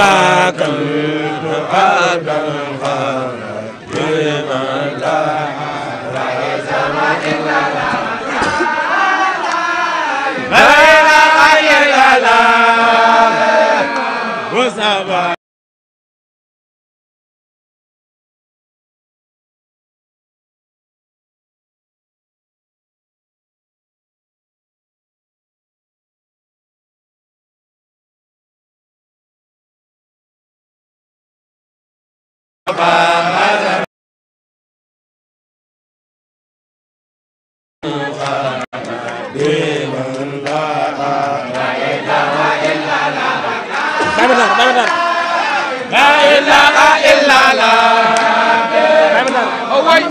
سواك القلب الخلق لمن لا ليس ما إلا لا لا إلا لا وسواك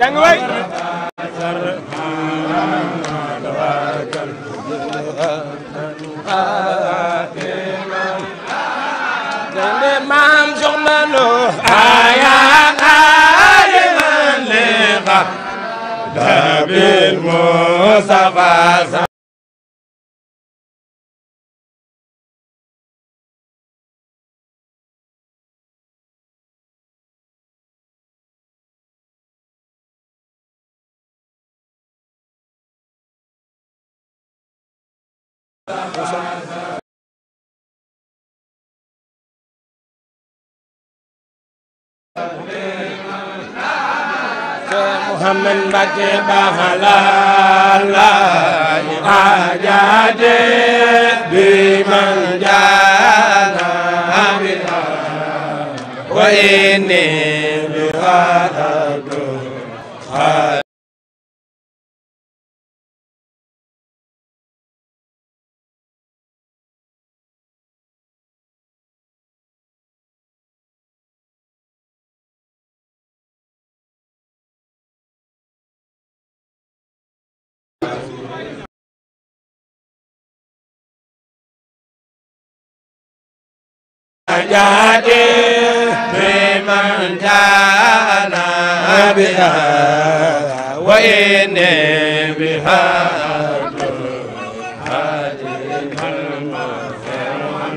jàng waay maam soxna lo aya aliman liqa dabil musafa محمد مبكي بحلا لا حاجات بمن أجادل بمن جاءنا بها وإني بها هذه المغفرة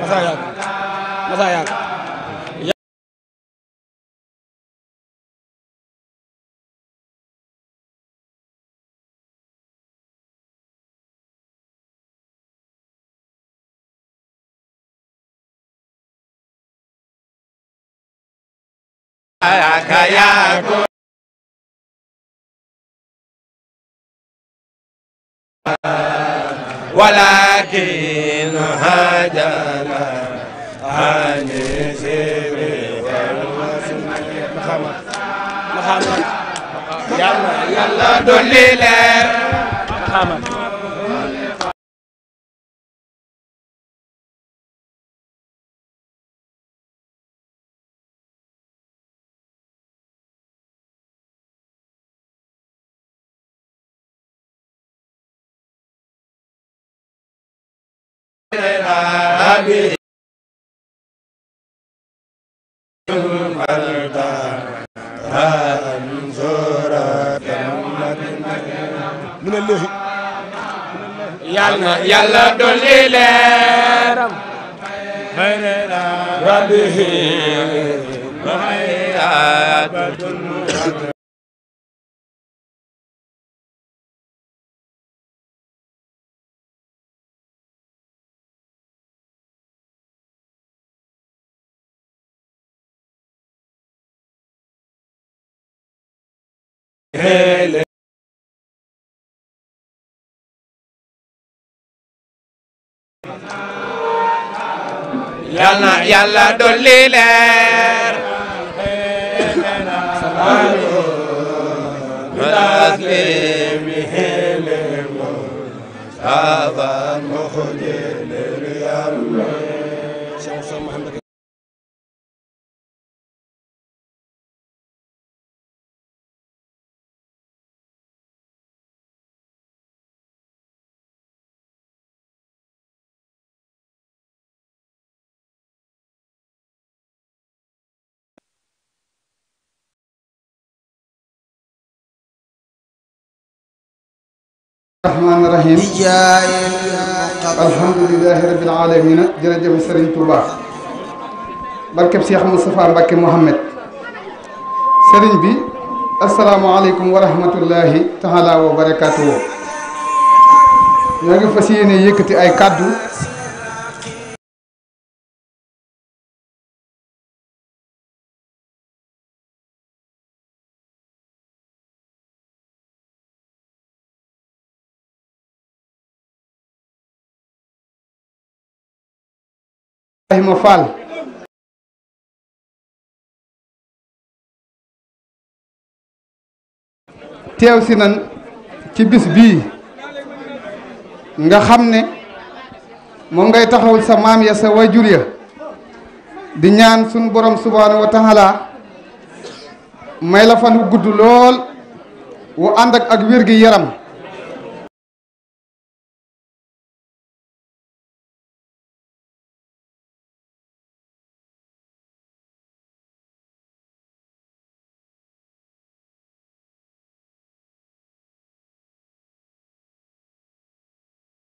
من لك Kaya ولكن هجنا عن سير محمد يلا يلا دليل محمد billahi yal na yàlla dolli leeram xayra rabbihi xayra yàlla dolli leer rahmaan rahim alhamdulilahi rabil barkeb Cheikh Moustapha Mbacke Mouhamed sëriñ bi asalaamualeykum wa rahmatullahi taala wa barakaatu ñoo ngi fas yéene yëkkati ay kàddu Ibrahima Fall teew si nan ci bis bii nga xam ne moom ngay taxawul sa maam ya sa wajur ya di ñaan sun borom subhaanahu wa taala may la fan wu gudd lool wu ànd ak ak wér yaram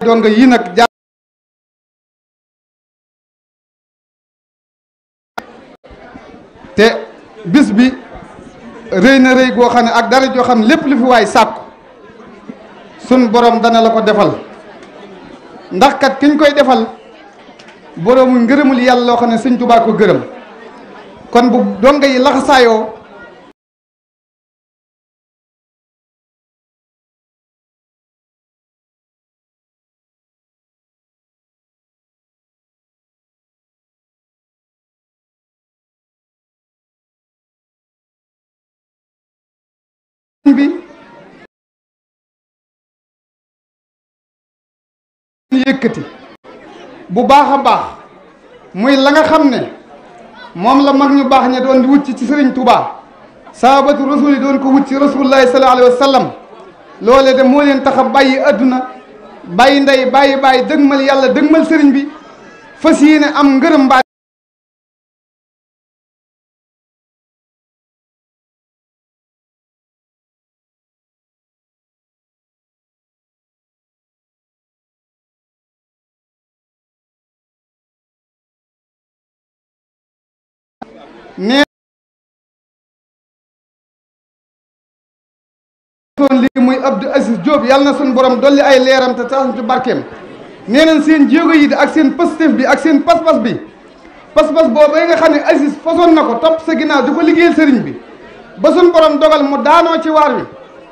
doon nga yii nag jaar te bis bi rëy na réy goo xam ne ak dara joo xam ne lépp lu fi waay sàkku sun borom dana la ko defal ndax kat kiñ koy defal boroomu ngërëmul yàlla loo xam ne Sëñ Tuubaa ko gërëm kon bu donga yi laxasaayoo sëriñ bi bu baax a baax muy la nga xam ne moom la mag ñu baax ña doon wut ci sëriñ tubaa saabatu rasul yi doon ko wut ci rasulullahi sallallahu alayhi wa sallam loole de moo leen taxa a bàyyi adduna bàyyi ndey bàyyi bàyyi dëgmal yàlla dëgmal sëriñ bi fas yéene am ngërëm mbaa nee kon lii muy Abdou Aziz Diop yàlla na suñu borom dolli ay leeram te tax ci barkeem nee seen jéego yi di ak seen positif bi ak seen pas-pas bi pas-pas boobu yi nga xam ne Aziz fasoon na ko topp sa ginnaaw di ko liggéey sëriñ bi ba suñu borom dogal mu daanoo ci waar wi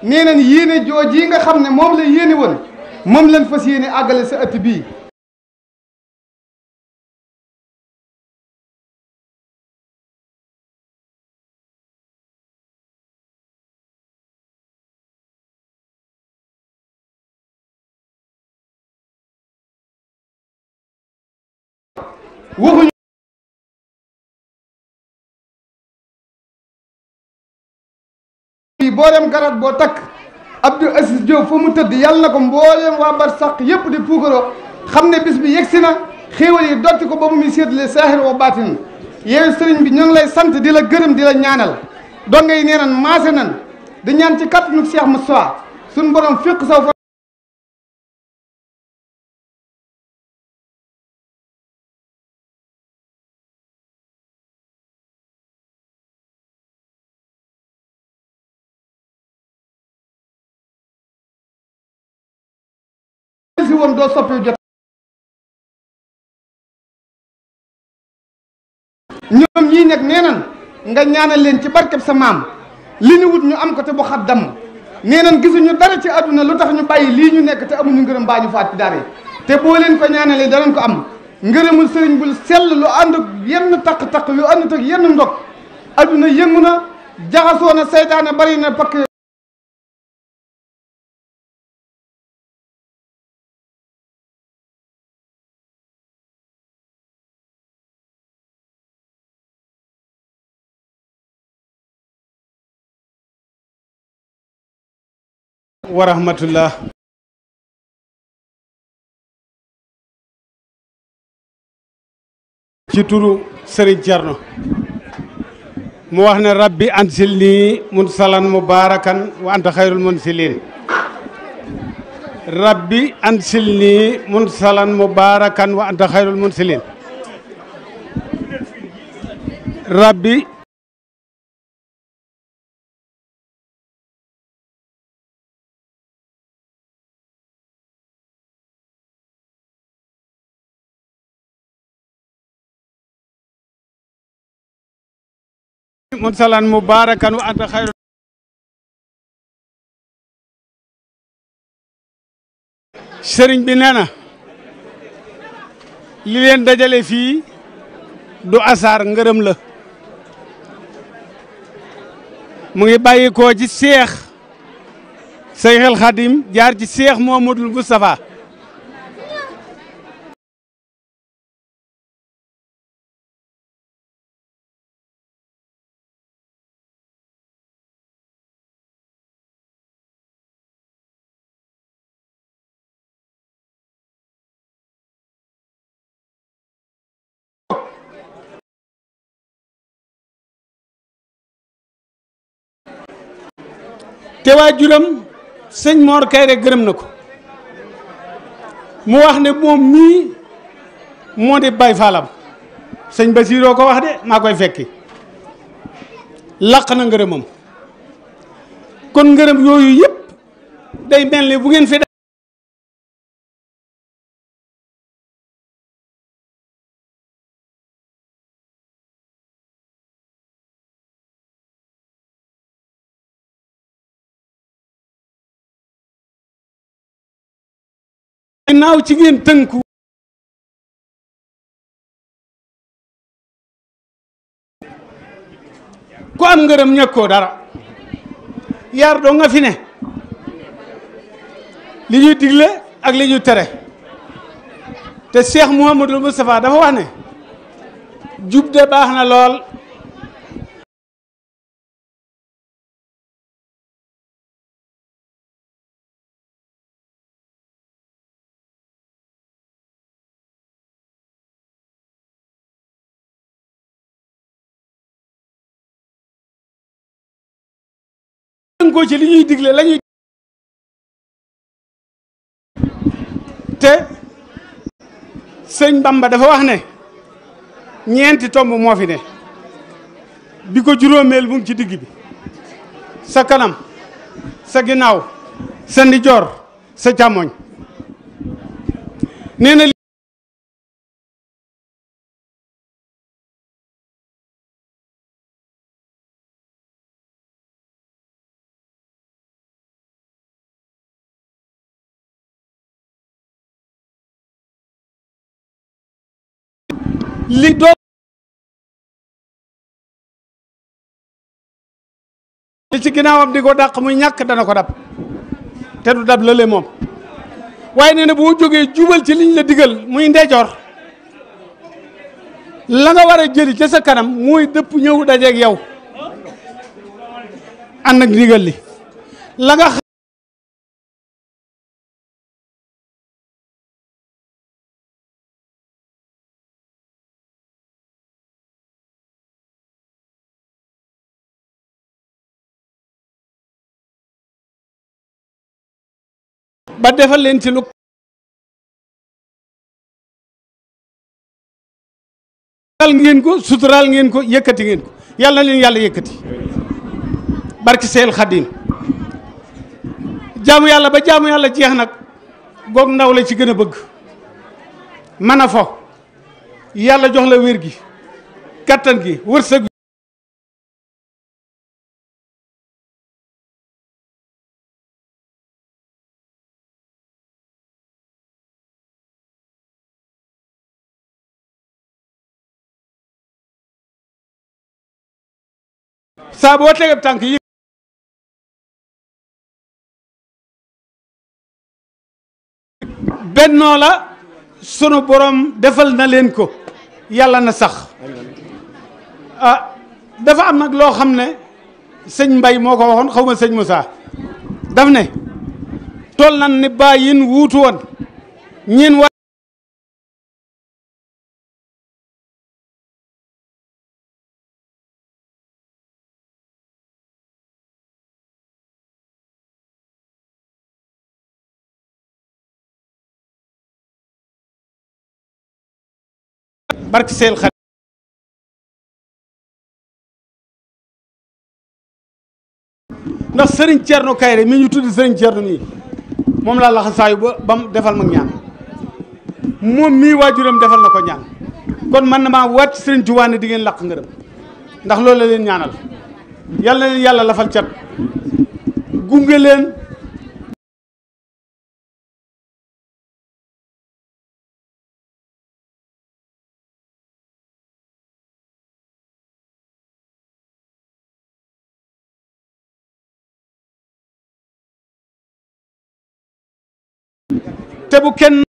nee nañ yéene jooj nga xam ne moom la yéene woon moom leen fas yéene àggale sa ëtt bii waxuñu boo dem garat boo takk Abdou Aziz Diop fa mu tëdd yàlla na ko mbooleem waa bar sàq yëpp di puukaroo xam ne bis bi yegsi na xéewal yi dotti ko ba mu muy séddale saahir wa baatin yooyu sëriñ bi ñu lay sant di la gërëm di la ñaanal dongay nee nan maase nan di ñaan ci kàttanu Cheikh Moustapha suñu borom fiq saw woon doo soppi jot ñoom ñii nag nee nan nga ñaanal leen ci barkeb sa maam li ñu wut ñu am ko te bu xat damm nee nan gisuñu dara ci àdduna lu tax ñu bàyyi lii ñu nekk te amuñu ngërëm baa ñu faat ci dara te boo leen ko ñaanale danañ ko am ngërëmul sëriñ bul sell lu ànd ak yenn taq-taq lu ànd ak yenn ndog àdduna yëngu jaxasoo na seytaane bari na wa rahmatullah ci turu Serigne Thierno mu wax ne rabbi ansilni munsalan mubarakan wa anta xayrul munsilin rabbi ansilni munsalan mubarakan wa anta xayrul munsilin rabbi mursalan mubarakan wa sëriñ bi nee na li leen dajale fii du asaar ngërëm la mu ngi bàyyi ko ci seex Seyxul Xadim jaar ci seex Muhammadul Mustafa te waajuram sëñ Mor Kayre gërëm na ko mu wax ne moom mii moo di bay faalam sëñ Basiroo ko wax de maa koy fekki làq na ngërëmam kon ngërëm yooyu yëpp day mel ni bu ngeen fi ginnaaw tënku ku am ngërëm ñëkkoo dara yar doo nga fi ne li ñuy digle ak li ñuy tere te Cheikh Mouhamadul Moustapha dafa wax ne jub de baax na lool tënkoo ci li ñuy digle la ñuy te sëñ Bamba dafa wax ne ñeenti tomb moo fi ne bi ko juróomeel mu ci digg bi sa kanam sa ginnaaw sa ndijoor sa càmmoñ nee na li doom li ci ginnaawam di ko dàq muy ñàkk dana ko dab te du dab lële moom waaye nee na boo jógee jubal ci liñ la digal muy ndeejoor la nga war a jëli ca sa kanam muy dëpp ñëw dajeek yow ànd ak ndigal li la nga ba defal leen ci lu al ngeen ko suturaal ngeen ko yëkkati ngeen ko yàlla na leen yàlla yëkkati barki seel xadim jaamu yàlla ba jaamu yàlla jeex nag goog ndaw la ci gën a bëgg mën yàlla jox la wér gi kattan gi wërsëg saa boo tegee tànk yi bennoo la sunu borom defal na leen ko yàlla na sax a ah, dafa am nag loo xam ne sëñ Mbay moo ko waxoon xaw ma sëñ saa daf ne toll nan ne bàyyin wuutu woon ñeen barki seel xarit ndax sëriñ Thierno Kayre mi ñu tudd sëriñ Thierno mii moom laa laxa saayu ba ba mu defal ma ñaan moom mii waajuram defal na ko ñaan kon mën na maa wàcc sëriñ Tuubaa ne di ngeen làq ngërëm ndax lool la leen ñaanal yàlla leen yàlla lafal cat gunge leen te bu kenn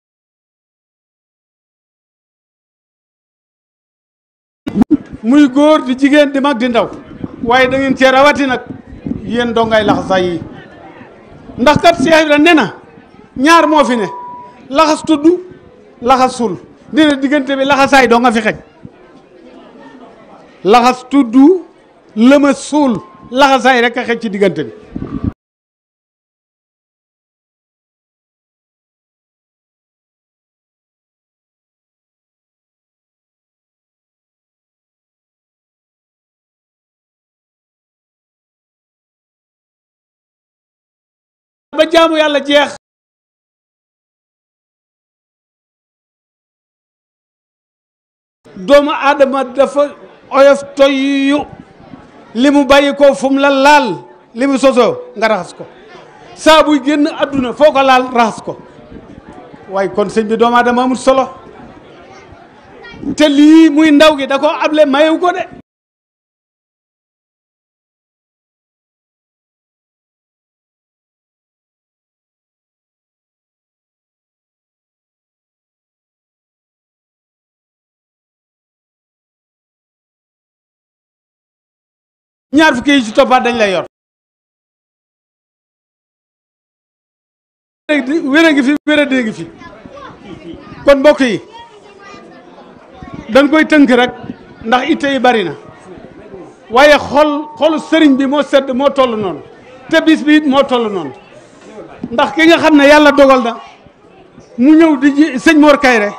muy góor di jigéen di mag di ndaw waaye dangeen ngeen cee rawati nag yéen dongay laxasaay yi ndax kat Cheikh Ibra ne na ñaar moo fi ne laxas tudd laxas sul nee diggante bi laxasaay doo nga fi xej laxas tudd lëma suul laxasaay rek a xej ci diggante bi ba yàlla jeex doomu aadama dafa oyof toyyu li mu bàyyi ko fu la laal li mu sosoo nga raxas ko saa buy génn adduna foo ko laal raxas ko waaye kon sëñ bi doomu aadama amul solo te lii muy ndaw gi da ko able mayewu ko de ñaar fukki yi ci lay yor wére ngi fi wére ngi fi kon mbokk yi dañ koy tënk rek ndax itte yi bari na waaye xol xolu sëriñ bi moo sedd moo toll noonu te bis bi it moo toll noonu ndax ki nga xam ne yàlla dogal na mu ñëw di ji sëñ Mor Kayre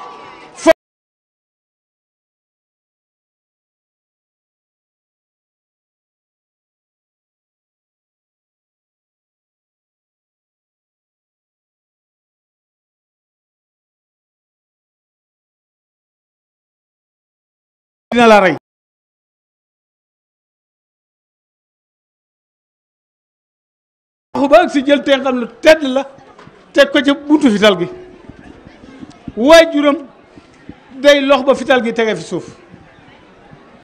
dina la rey waxu ba ak jël teen xam tedd la teg ko ca buntu fital gi waaye juróom day lox ba fital gi tege fi suuf